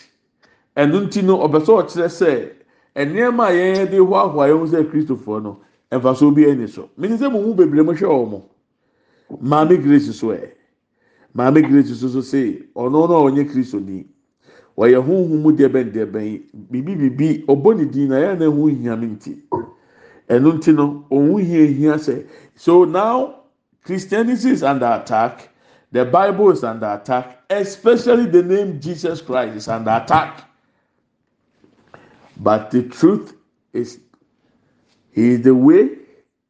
Speaker 1: ɛno nti no ɔbɛ sɛ ɔkyerɛ sɛ nneɛma a yɛn de hoahoa yɛn ho sɛ kristofoɔ no ɛfa bi ɛni so mene sɛ mo mu bebree mo hwɛ maame grace so maame grace so so ɔno na ɔnyɛ kristo wɔyɛ huhu mu deɛ bɛn deɛ bɛn bibi bibi ɔbɔ ne din na yɛn na ehu hia nti ɛnu nti no ohun hia hia sɛ so now christianity is under attack the bible is under attack especially the name jesus christ is under attack but the truth is he is the way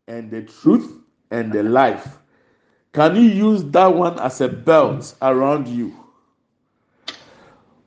Speaker 1: and the truth and the life can you use that one as a belt around you.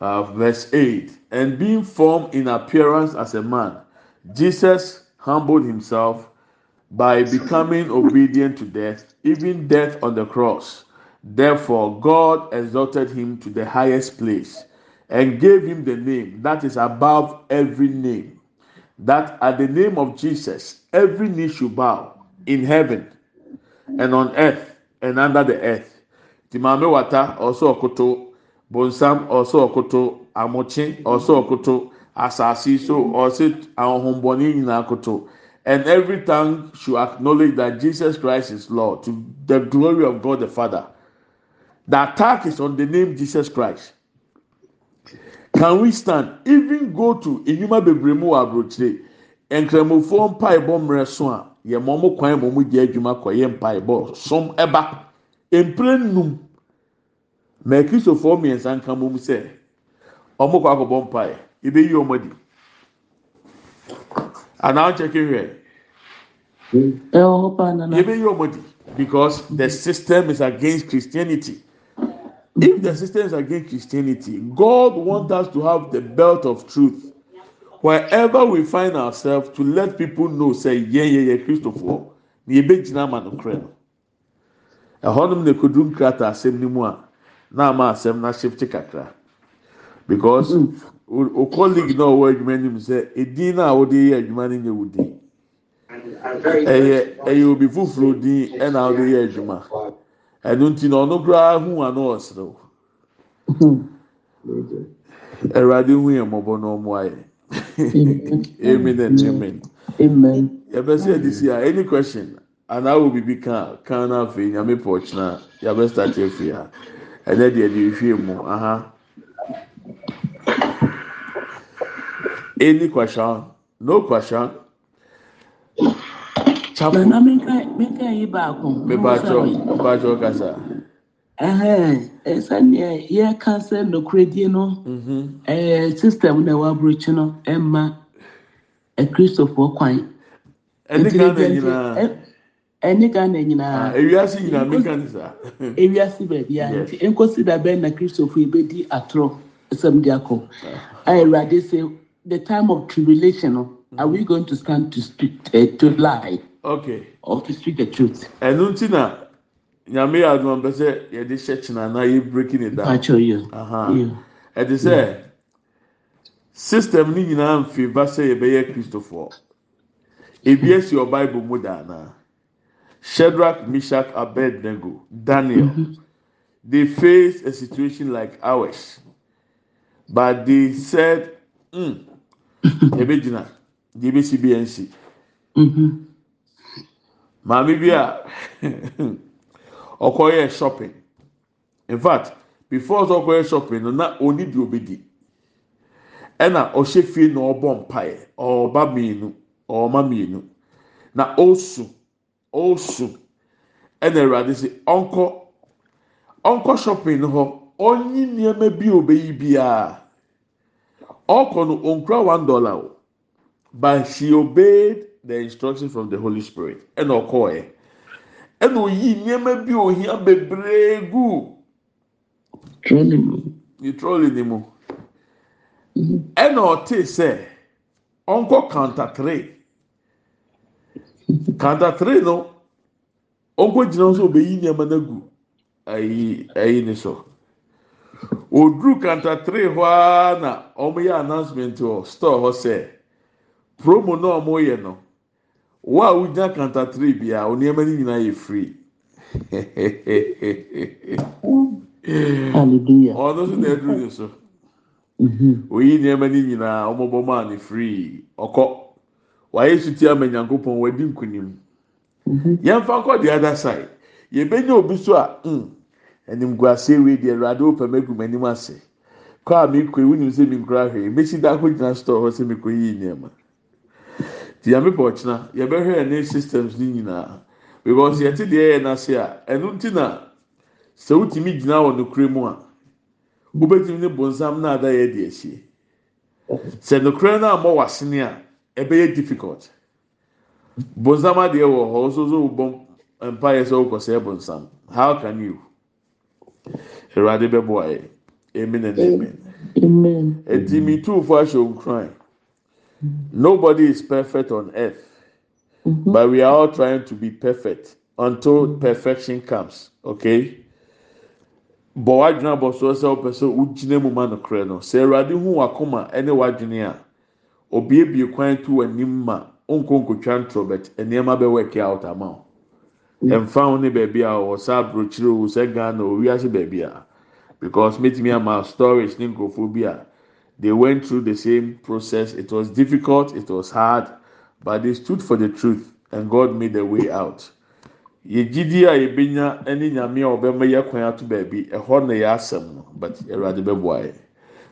Speaker 1: uh, verse 8 and being formed in appearance as a man jesus humbled himself by becoming obedient to death even death on the cross therefore god exalted him to the highest place and gave him the name that is above every name that at the name of jesus every knee should bow in heaven and on earth and under the earth timamewata also okoto bonsam ɔsɛ ɔkoto amokye ɔsɛ ɔkoto asase so ɔsɛ ahohombɔne nyinaa koto and every tongue should acknowledge that Jesus Christ is Lord to the glory of God the Father. The attack is on the name Jesus Christ. Can we stand? Even go to Enyuma Bebremu Abrochire, Nkramofoɔ mpaebɔ mmerɛ so a, yɛ mɔmɔ kwan mɔmɔ di adwuma kɔ yɛ mpaebɔ som ɛba, mpire num. mɛ kristofoɔ mmiɛnsa nka mom sɛ wɔn kɔ akɔbɔ mpae ebe yi wɔn adi anaa kyɛkɛ hwɛ ebe yi wɔn adi because the system is against christianity if the system is against christianity god wants us to have the belt of truth wherever we find ourselves to let people know say yeah, kristofoɔ na ebe gyina ama no korɛ no ɛhɔnom na ekodu nkrataa asɛm ne mu a. na ama asɛm na shift kakra because hmm. o colleague náà wọ adwuma anim sɛ edin náà wɔde yɛ adwuma no nyɛ wò din ɛyɛ ɛyɛ obi foforɔ din ɛna wɔde yɛ adwuma ɛnu nti na ɔno koraa hu ano ɔserew ɛwurade hu yɛn mɔbɔ na ɔmo ayɛ amen and amen amen yabɛsi adisi a any question anaa wo bibi kan kan na afei nyame You have to start efi ha. ɛnɛ deɛ de ehwie mu aha any question no question. chapel na meka
Speaker 4: meka yi baako mebaatwɔ
Speaker 1: mebaatwɔ kasa.
Speaker 2: sɛnea yɛka sɛ nokoredie no mhm. system na ɛwɔ aburokyi no ɛma akristofoɔ kwan.
Speaker 1: ɛne ghana nyinaa
Speaker 2: ɛne ghana nyinaa
Speaker 1: ah, ewiase nyinaa mi ka sa. saa ewiase
Speaker 2: baabi a nti nkosi dabɛn na kristofo ebedi atorɔ samdi akɔ a awurade the time of tribulation no are we going to stand to speak uh, to lie
Speaker 1: okay or to speak the truth. ɛnu ti na nyame yɛ aduma bɛ sɛ yɛde hyɛ kyina na yɛ breaking it down patro yi o ɛdi sɛ system ni nyinaa nfi ba sɛ yɛ bɛ yɛ kristofo ebi esi ɔbaa ibo mu daana. Shadrach, Meshach, Abednego, Daniel, mm-hmm. they faced a situation like ours, but they said, mm, the DBCBNC. Maame bi a ọkọ yẹ shopping in fact before ọsọ ọkọ yẹ shopping no na oni di obi di ɛna ɔhyɛ fie na ɔbɔ mpaeɛ ɔba mmienu ɔma mmienu na ɔsu ɔresu ɛna awurade sɛ ɔnkɔ ɔnkɔ shopping hɔ ɔnyi nneɛma bi a ɔbɛyi biara ɔkɔ no ɔnkura one dollar but she obeyed the instruction from the holy spirit ɛna ɔkɔɔɛ ɛna ɔyi nneɛma bi a ɔhia bebree gu ne trolley ne mu ɛna ɔte sɛ ɔnkɔ counter three kanta three no ɔnkɔgyina hɔ sɛ ɔbɛyi nneɛma no agu ayi ayi ne so oduru kanta three hɔ ara na wɔyɛ announcement wɔ store hɔ sɛ promo na wɔyɛ no wo a wogyina kanta three a, nneɛma no nyinaa yɛ free ɔno nso na aduru ne so oyi nneɛma no nyinaa wɔbɔ maa ne free ɔkɔ. wayɛ suti ama nyankopɔn wadi nkunim yɛmfa ada the other side yɛbɛnya obi so a mm anim gu ase wei deɛ awurade o pɛm egu m'anim ase kɔ a mi kɔ ewu nim sɛ mi nkura hwɛ mesi da ko gyina store hɔ sɛ mi kɔ yiyi nneɛma ti yame pɔ ɔkyina yɛbɛhwɛ yɛn ne systems ne nyinaa because yɛte deɛ yɛ n'ase a ɛnu ti na sɛ wotumi gyina wɔ ne kura mu a wobɛtumi ne bonsam na ada yɛ de ahyia sɛ ne kura no a mɔ wɔ a. ɛbɛyɛ difficult bonsam adeɛ wɔ hɔ nso nso bɔ mpaeɛ sɛ ɔkɔsɛ bonsam how can you awurade bɛ bɔ ayɛ amen and
Speaker 3: amen
Speaker 1: eti mi tu fo ahyɛ nkran nobody is perfect on earth mm-hmm. but we are all trying to be perfect until mm-hmm. perfection comes okay bɔ wadwina bɔ so sɛ ɔpɛ sɛ wogyina mu ma no korɛ no sɛ awurade hu wakoma ɛne wadwini a obiebie kwan to w'anim ma onko nkotwa ntrɔbɛt nneɛma bɛ wɛke out ama o mm. mfa ho ne baabi a wɔ sɛ aburokyire o sɛ ghana o wiase baabi a because metumi ama storage ne nkurɔfoɔ bi a they went through the same process it was difficult it was hard but they stood for the truth and God made a way out yɛgyidi a yɛbɛnya ne nyame a ɔbɛma yɛ kwan ato baabi ɛhɔ na yɛ asɛm no but awurade bɛboa yɛ.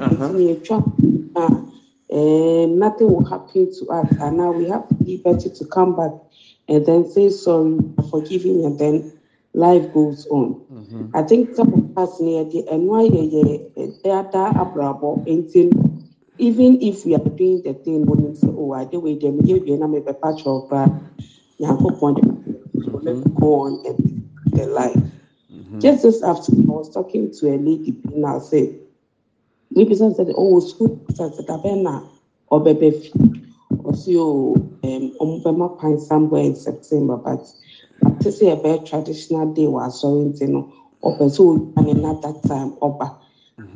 Speaker 5: Uh-huh.
Speaker 4: uh, and eh, nothing will happen to us. And now we have to be to come back and then say sorry, forgiving, and then life goes on. Mm-hmm. I think some of us near the NYA, eh, they are abrabo, and even if we are doing the thing, when we say, Oh, I do with them, you know, maybe a patch of but uh, let's mm-hmm. go on and the life. Mm-hmm. Just this afternoon, I was talking to a lady, and I said, nibi sɛ sɛde ɔwɔ sukuu sɛ sika bɛn na ɔbɛbɛ fi ɔsi o ɛm ɔmo pan somewhere in september but ati sɛ very traditional day wɔ asɔre nti no ɔpɛ sɛ ɔdwa ne na that time ɔba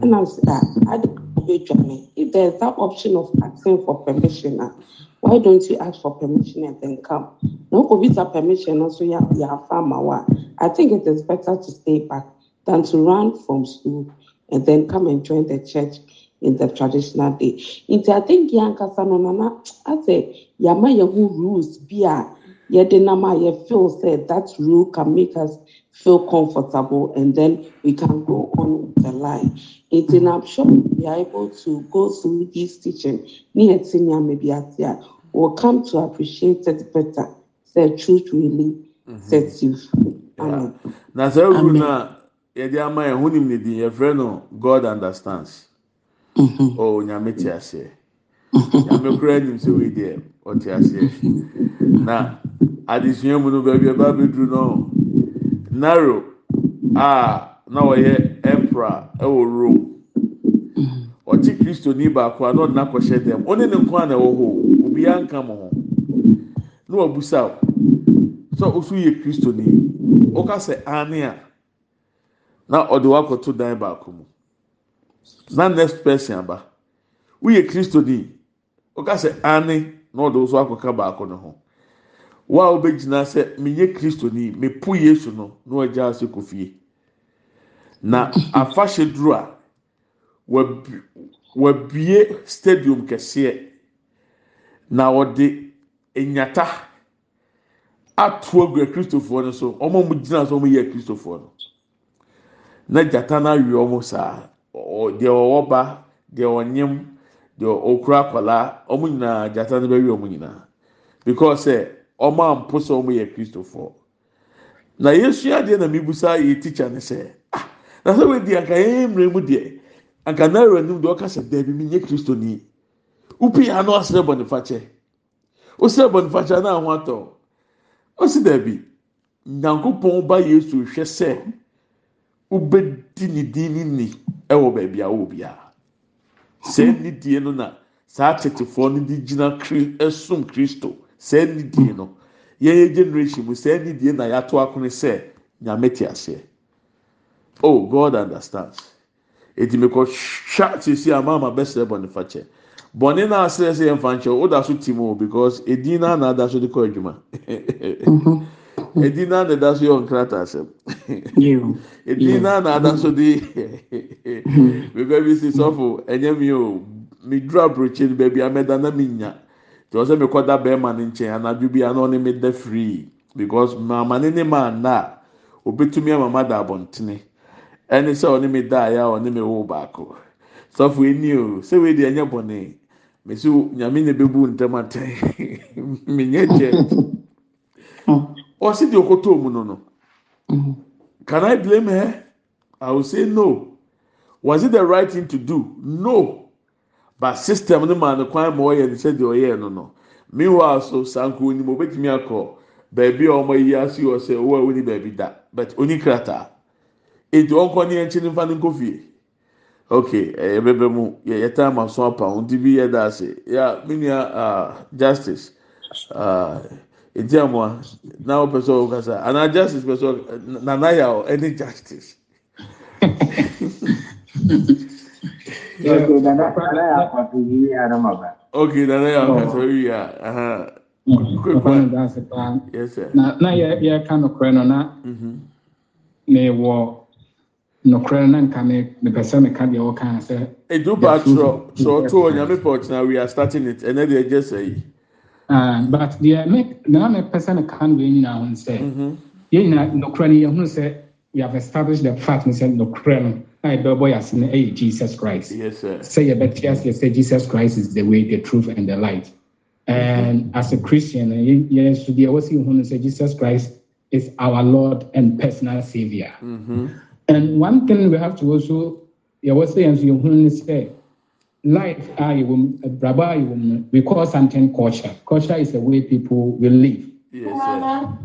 Speaker 4: ɛna sika adi ɔbɛdwa ne if there is that option of asking for permission ah, why don't you ask for permission and then come na ɔkɔ bi sa permission Also, so yɛ yɛ afa ama wa i think it is better to stay back than to run from school and then come and join the church in the traditional day. Nti I think yɛn ankasa I say, asɛ yɛama rules bi a yɛde nam a that rule can make us feel comfortable and then we can go on the line. Nti in I'm sure we are able to go through this teaching ne yɛte nea maybe ate a will come to appreciate it better. The truth really
Speaker 1: mm -hmm. sets you free. Yeah. Amen. yɛde ama yɛn ho nim ne din yɛfrɛ no god understands o mhm. nyame te aseɛ mhm. nyame kura nim sɛ wei deɛ ɔte aseɛ na adesua mu no baabi ɛba abɛduru no naro a na wɔyɛ emperor ɛwɔ rome mhm. ɔte kristoni baako a na ɔde n'akɔhyɛ dɛm ɔne ne nko a na ɛwɔ hɔ obiara nka mo ho na wabusa sɛ ɔso yɛ kristoni ɔka sɛ ane a. na ɔde wakɔto dan baako mu na next person aba woyɛ kristo ni ɔka sɛ ane na ɔde wosɔ akɔka baako ne ho wo a wobɛgyina sɛ menyɛ kristo ni mepo yesu no na ɔgya ase kɔ fie na afahyɛ duro a wabue stadium kɛseɛ na wɔde nyata ato agorɔ kristofoɔ no so wɔn a wɔgyina so wɔyɛ kristofoɔ no. na gyata no awe ɔmo saa deɛ ɔwɔ ba deɛ ɔnyem deɛ ɔkura akwadaa ɔmo nyinaa gyata no bɛwe ɔmo nyinaa because sɛ ɔmo ampo sɛ ɔmo yɛ kristofoɔ na yesu adeɛ na mibusa yɛ tikya ne sɛ ah na sɛ wei deɛ anka yɛn mmerɛ mu deɛ anka na ɛwɔ anim deɛ ɔka sɛ dɛbi mi nye kristo ni upi ano asrɛ bɔ nifa kyɛ osrɛ bɔ nifa kyɛ na aho atɔ ɔsi dɛbi nyankopɔn ba yesu hwɛ sɛ. wobɛdi ne din ne ni wɔ baabi a wɔ biara saa hmm. nidie no na saa tetefoɔ no de gyina som kristo saa nidie no yɛyɛ generation mu saa nidie na yɛato akone sɛ nyame te aseɛ oh god understands eti mekɔ hwa sisi ama ama bɛsɛ bɔne fakyɛ bɔne na asrɛ sɛ yɛmfa nkyɛw woda so ti mu o because edin na ana ada so de kɔ adwuma. Mhm. ɛdin mm. naa na ɛda so yɛ ɔnkrata asɛm ɛdin naa na ada so de bɛbɛ bi si sɔfo ɛnyɛ mi o mi dura burokye no baabi amɛda na mi nya tí ɔsɛ mi kɔda bɛrima ne nkyɛn anadu bi anɔ ne mi da free because maama ne ne maa na obetumi amama da abɔntene ɛne sɛ ɔne mi da aya ɔne mi wo baako sɔfo eni o sɛ wei deɛ ɛnyɛ bɔnee mesi nyame na ebebu ntɛm atɛn mi nyɛ kyɛ. Oh ɔsi deɛ ɔkɔtɔ mu no no mm-hmm. can i blame her i will say no was it the right thing to do no but system no maa no kwan ma ɔyɛ ni sɛ deɛ ɔyɛ no no meanwhile so sanko onim obetumi akɔ beebi a wɔn ayi asi wɔ sɛ owó a e wɔn beebi da but oni krataa eti wɔn kɔ ne yɛn nkyi ne okay ɛyɛ eh, bɛbɛ mu yɛ yɛ taa ma so apa wɔn ti bi yɛ da ase yɛ a justice. Uh, eti amoa na o pɛ sɛ o kasa ana justice pɛ uh-huh. sɛ na na yà o any justice. okay
Speaker 2: nana yà pàtó yìí adamaba.
Speaker 1: okay nana yà pàtó yìí yà.
Speaker 2: na yɛ ka nokorɛ no na mewɔ nokorɛ no na nka mepɛ sɛ meka deɛ wɔkaa sɛ
Speaker 1: ɛdu pa trɔ sɛ ɔtoo onyame pɛ ɔkyena we are starting it ɛnɛ deɛ ɛgye sɛ yi
Speaker 2: uh, but the uh, me na me person can ne kan wei nyinaa Yeah, sɛ yɛn nyinaa nokorɛ no yɛhunu sɛ we have established the fact no sɛ nokorɛ no a boy, yɛase no ɛyɛ jesus christ Yes, sir. sɛ yɛbɛte aseɛ say jesus christ is the way the truth and the light mm-hmm. and as a christian yes, so deɛ ɛwɔ sɛ yɛhunu sɛ jesus christ is our lord and personal savior mm -hmm. and one thing we have to also yɛwɔ sɛ yɛn so yɛhunu say. life we call something culture. Culture is the way people will live.
Speaker 5: Yes, sir.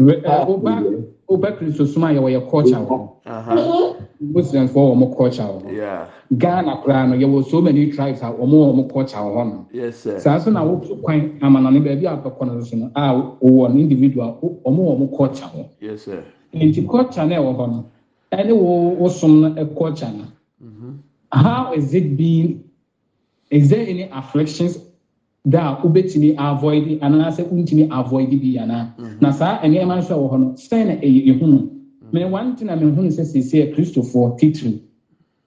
Speaker 2: Uh-huh. Uh, Oba Christosuma culture wɔyɛ culture wɔ Muslims wɔ culture wɔ Ghana koraa no yɛwɔ so many tribes a wɔn wɔ wɔn culture wɔ
Speaker 1: hɔ saa so
Speaker 2: na wotu kwan amanane baabi a bɛkɔ no so a wɔwɔ no individual wɔn wɔ wɔn culture wɔ nti culture no ɛwɔ hɔ no ɛne wo culture no how is it being is there any afflictions that wobɛtumi avoid anaasɛ wontumi avoid bi anaa mm-hmm. na saa nneɛma nso a wɔ hɔ no sɛn na ɛyɛ ehunu mɛ mm-hmm. one thing a mehunu sɛ sɛsɛ kristofoɔ titiri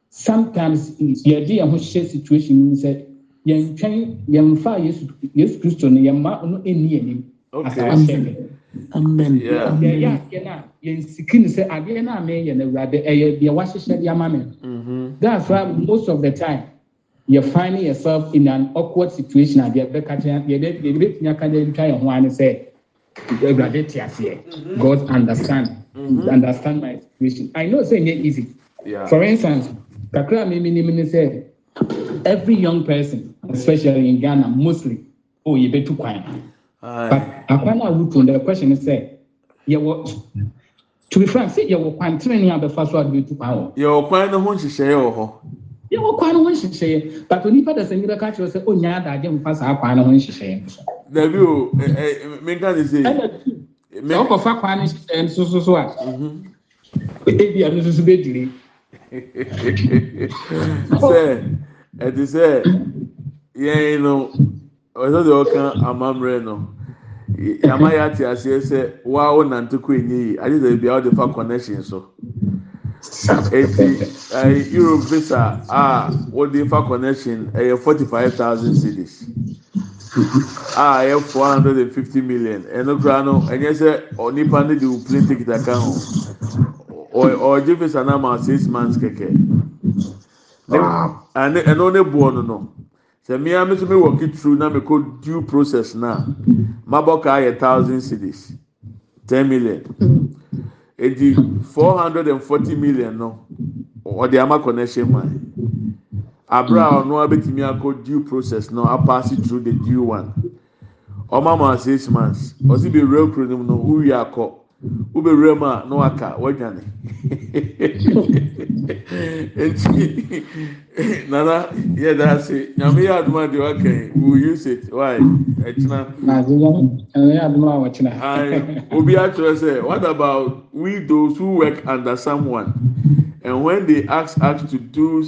Speaker 2: sometimes yɛde yɛn ho hyɛ situation mu sɛ yɛn twɛn yɛn fa yesu yesu kristo no yɛn mma no ɛni anim asawahyɛ amen yɛyɛ adeɛ no a yɛn siki no sɛ adeɛ no a mɛyɛ no awurade ɛyɛ deɛ wahyehyɛ de ama me. Mm-hmm. That's why most of the time you're finding yourself in an awkward situation. And you're trying to say, mm-hmm. God understand, mm-hmm. understand my situation. I know saying it easy. Yeah. For instance, Kakra Mimi said, every young person, especially in Ghana, mostly, oh, you bet too quiet. But Akwana Wutu, the question is, yeah, what? to be frank sɛ yɛwɔ kwan tene ne abɛfa so ade bɛtu kwan wɔ.
Speaker 1: yɛwɔ kwan no ho nhyehyɛeɛ wɔ hɔ.
Speaker 2: yɛwɔ kwan no ho nhyehyɛeɛ but onipa da sɛ nyi bɛka kyerɛ sɛ onya adagye mfa saa kwan no ho nhyehyɛeɛ no so.
Speaker 1: dabi o ɛɛ menka ne se. ɛna sɛ ɔkɔfa kwan no nhyehyɛeɛ no so so a. Mhm. ebi ano soso bɛ diri. sɛ ɛti sɛ yɛn no ɔsɛ de ɔka amammerɛ no ama yɛ ate aseɛ sɛ waa wo nante kɔ enyi yi adi dɛ bi a wɔde fa connection so eti ɛɛ eh, europe visa a wɔde fa connection ɛyɛ eh, forty five thousand cedis a ɛyɛ four hundred and fifty million ɛno kura no ɛnyɛ sɛ ɔnipa no de o plane ticket aka ho ɔɔgye visa na ma six months kɛkɛ ɛno ne boɔ no no sɛ mmea mi nso mi wɔ kitru na mi kɔ due process na mabɔ kaa thousand cities ten million edi four hundred and forty million no ɔde ama connection man abira a ɔno abetumi akɔ due process na apaase through the due one ɔmo ama six months ɔsi bi real kuro no mu no wuyi akɔ. wobɛwura mu a na waka wadwane nti nana yɛda ase nyame yɛ adoma deɛ waka we use it why ɛkyena obi akyerɛ sɛ what about we those who work under someone and when they ask us to do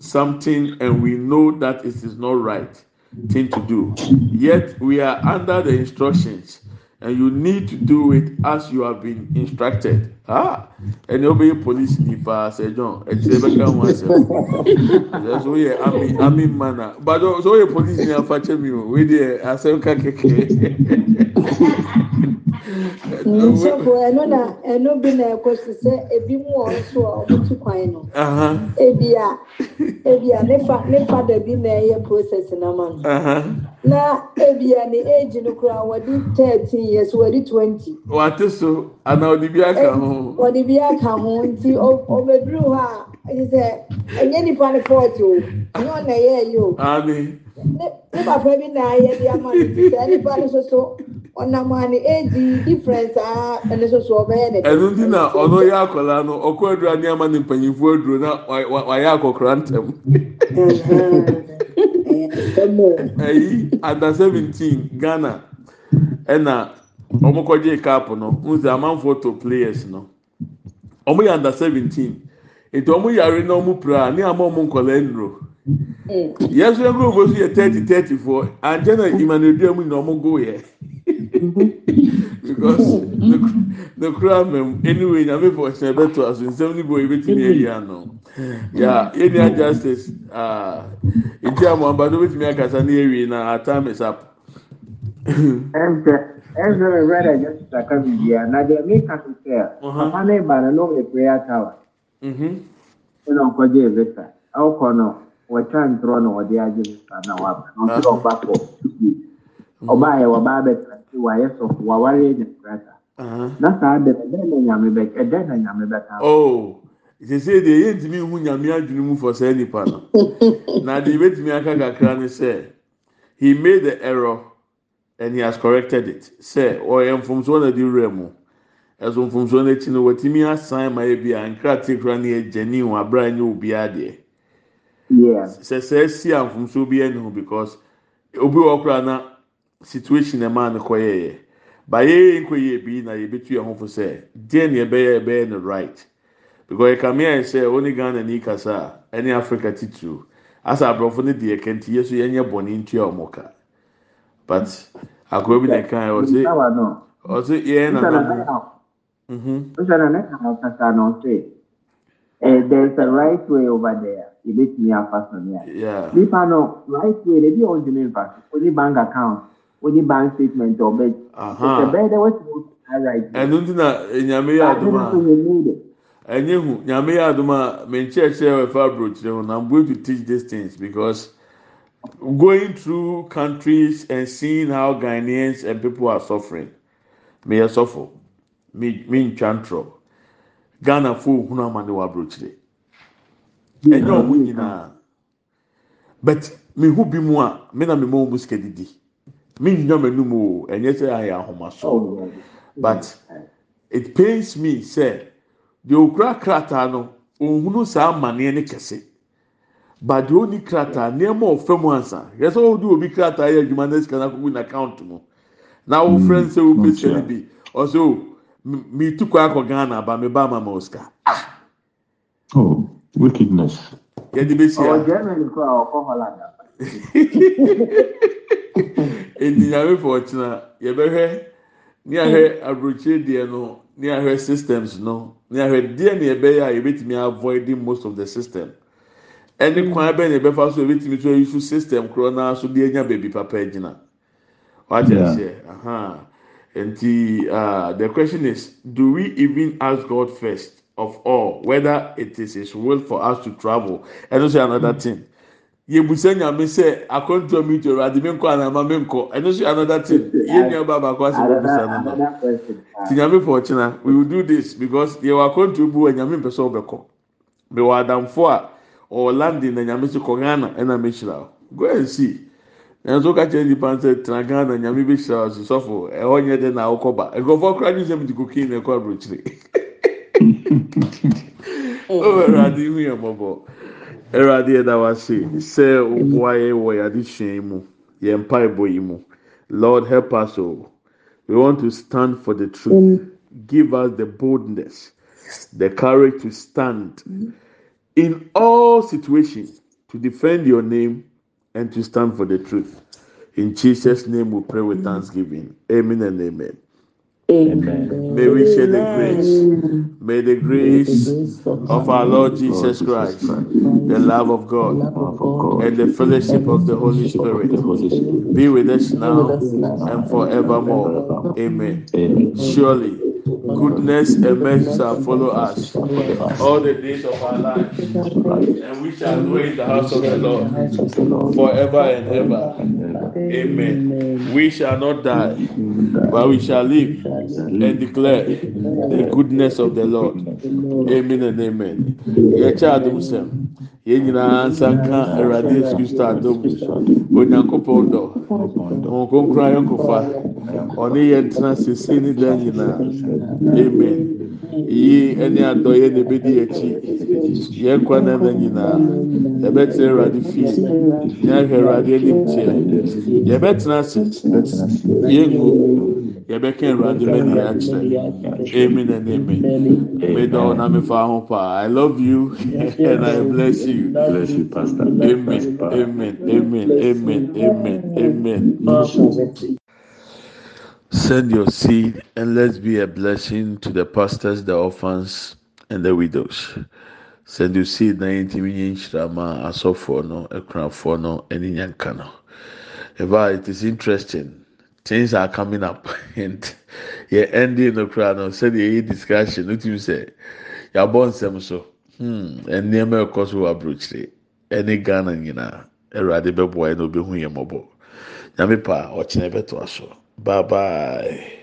Speaker 1: something and we know that it is not right thing to do yet we are under the instructions and you need to do it as you have been instructed. Ah, and you a police nipa say John. never come kàn That's why I'm in, I'm in na. But sọ yẹ police ni afakyẹ mi o. I ẹ asẹ́nká kékeré.
Speaker 5: nsọpụ ẹnu um um na ẹnu bi na ẹkwesị sị ebi mụ ọsọ a ọmụtụ kwan nọ ebi a ebi a nifa nifa dabi na ẹyẹ proses na ma nọ na ebi a na eji n'okpuru a wọdi thirteen years wọdi twenty.
Speaker 1: wate so ana ọdị bi aka ho.
Speaker 5: ọdị bi aka ho nti ọmọduru hụ a sị ẹnyẹ nipa ni fọọti o ẹnyẹ ọ na ẹyẹ ẹyẹ o. ne papa bi na ayẹ di ama ne ti sẹ nipa ni ọnam ani ndị
Speaker 1: na ọnụ ya akọla no ọkụ aduru anyị ama na mpanyinfu eduru na waya akọkọrọ ntam. eyi ada 17 ghana ɛna ɔmụkọgye kaapụ no nze amanfo to players no ọmụ yɛ ada 17 nti ọmụ yare na pra ne ama nkɔla so yɛ thirty thirty na mu because the kura mem anyway nyame for ọsẹ ẹbẹ to aso nsẹm ni bo ebi ti mi eyi ano
Speaker 2: ya yẹni a
Speaker 1: justice eti amu abadu bi ti mi akasa ni ewi na our time is up.
Speaker 2: ẹnfẹ ẹnfẹ mi rẹ dẹ jẹ saka mi bia na de mi ka so sẹ papa ne ba na no wọ prayer tower.
Speaker 1: ẹnna
Speaker 2: nkọjá evita ọkọ náà wɔtwa ntorɔ na wɔde agye nsa na waba na ɔsɛ ɔba kɔ ɔba yɛ ɔba abɛtena wɔayɛ sɔfo wɔawareɛ nyankurataa na saa de ɛdɛn na nyame bɛ ɛdɛn na nyame bɛ ka.
Speaker 1: oo oh, sese deɛ yɛntumi hu nyame adwene mu fɔ sɛ nipa no na deɛ yɛbɛtumi aka kakra ne sɛ he made the error and he has corrected it sɛ ɔyɛ mfomsoɔ na de wura mu ɛso mfomsoɔ no akyi no wɔtumi asan ma ebi a nkrataa kura ne yɛ gyani wɔn abira nye obiara deɛ sɛ sɛ esi a mfomsoɔ bi ɛne ho because obi wɔ kura na. situation ẹ̀ man ne kọ́ yẹ yẹ ba bi na yẹ bi tu yẹ ho fo sẹ diẹ ni ẹbẹ yẹ no right because ẹka mìíràn sẹ ọni Ghana ni kasa ẹni Africa titiri asa aborɔfo ne deɛ kɛntɛ yɛ so ya nyɛ bɔnne ntua wɔn ka but akɔrɔ bi na ɛka yɛ ɔsi ɔsi yɛn na na
Speaker 2: mu. nsọdọ ne ka na a right way over there ebi tumi afa sọ ni a. nipa no right way na ebi ɔn jimi bank account. wọ́n ní bank statement ọ̀bẹ. ẹ̀bẹ́ dẹ́ wọ́n ti mú ara
Speaker 1: ìdí. ẹnu tí na nyame yẹ aduma ẹnye hu nyame yẹ aduma mi n kyerɛ kyerɛ ɛfa aburo kyerɛ hu na i'm going to teach these things because going through countries and seeing how Ghanaians and people are suffering mi yɛ sɔfo mi mi n twa n trɔ Ghana fo ohun amane wɔ aburo kyerɛ ɛnyɛ ɔmo nyinaa but mi hu bi mu a mi na mi ma ɔmo sika didi mi nya m'anim o ɛnyɛ sɛ ayɛ ahomaso oh, but it pains me sɛ deɛ okura krataa no ohunu saa amaneɛ ne kɛse but deɛ oni krataa nneɛma ɔfɛ mu ansa yɛ sɛ ɔdi obi krataa yɛ adwuma ne sika n'akoko n'akaunt mu na wofrɛ nsɛ wopɛ sika no bi ɔsɛ o mi tu kɔ akɔ ghana ba mi ba ama ma osika ah. oh wickedness. yɛ de bɛ si ya. ɔwɔ
Speaker 2: jɛmɛni kura ɔkɔ hɔlanda.
Speaker 1: ntinyame fo ɔkyena yɛbɛhwɛ ne ahwɛ aburokyire deɛ no ne ahwɛ systems no ne ahwɛ deɛ ne yɛbɛyɛ a yɛbɛtumi avoid most of the system ɛne kwan bɛn na yɛbɛfa so yɛbɛtumi so ayisu system korɔ naa so deɛ nya baabi papa gyina wagyɛ seɛ ahan nti ah the question is do we even ask God first of all whether it is his will for us to travel ɛno so another mm. thing. yɛbu sa nyame sɛ antaɔɔɛn ameɔena ɛɔaeɛɛɛɔɔae huɛ ɔbɔ awurade yɛda wase sɛ woayɛ wɔ yɛade hyia yi mu yi mu lord help us o oh. we want to stand for the truth give us the boldness the courage to stand in all situations to defend your name and to stand for the truth in jesus name we pray with thanksgiving amen and amen Amen. May we share the grace. May the grace of our Lord Jesus Christ, the love of God, and the fellowship of the Holy Spirit be with us now and forevermore. Amen. Surely goodness and mercy shall follow us all the days of our life, and we shall dwell in the house of the Lord forever and ever. Amen. We shall not die, but we shall live and declare the goodness of the Lord. Amen and amen yɛn nyinaa nsa nka yesu kristo adom onyankopɔn dɔ wɔn konkora ɔne yɛn tena sese ne da nyinaa amen yi ɛne adɔ yɛn na ebedi akyi yɛn kwa na ɛna nyinaa yɛbɛtena awurade fie yɛn ahwɛ anim ase yɛn yɛbɛka awurade mani akyerɛ amen and amen meda wo na mefa ho paa i love you and i bless you pastor amen amen amen amen amen amen send your seed and let's be a blessing to the pastors the orphans and the widows send your seed na yɛntumi nyɛ nhyira ma asɔfoɔ no akunafoɔ no ne nyanka no ɛba it is interesting things are coming up and yeah, ending no kura no sɛdeɛ yɛ discussion you say? sɛ yabɔ nsɛm so hmm nneɛma ɛkɔ so wɔ aburokyire ɛne ghana nyinaa ɛwurade bɛboa yɛ na obi hu yɛ mɔbɔ nyame pa ɔkyerɛ to aso bye bye.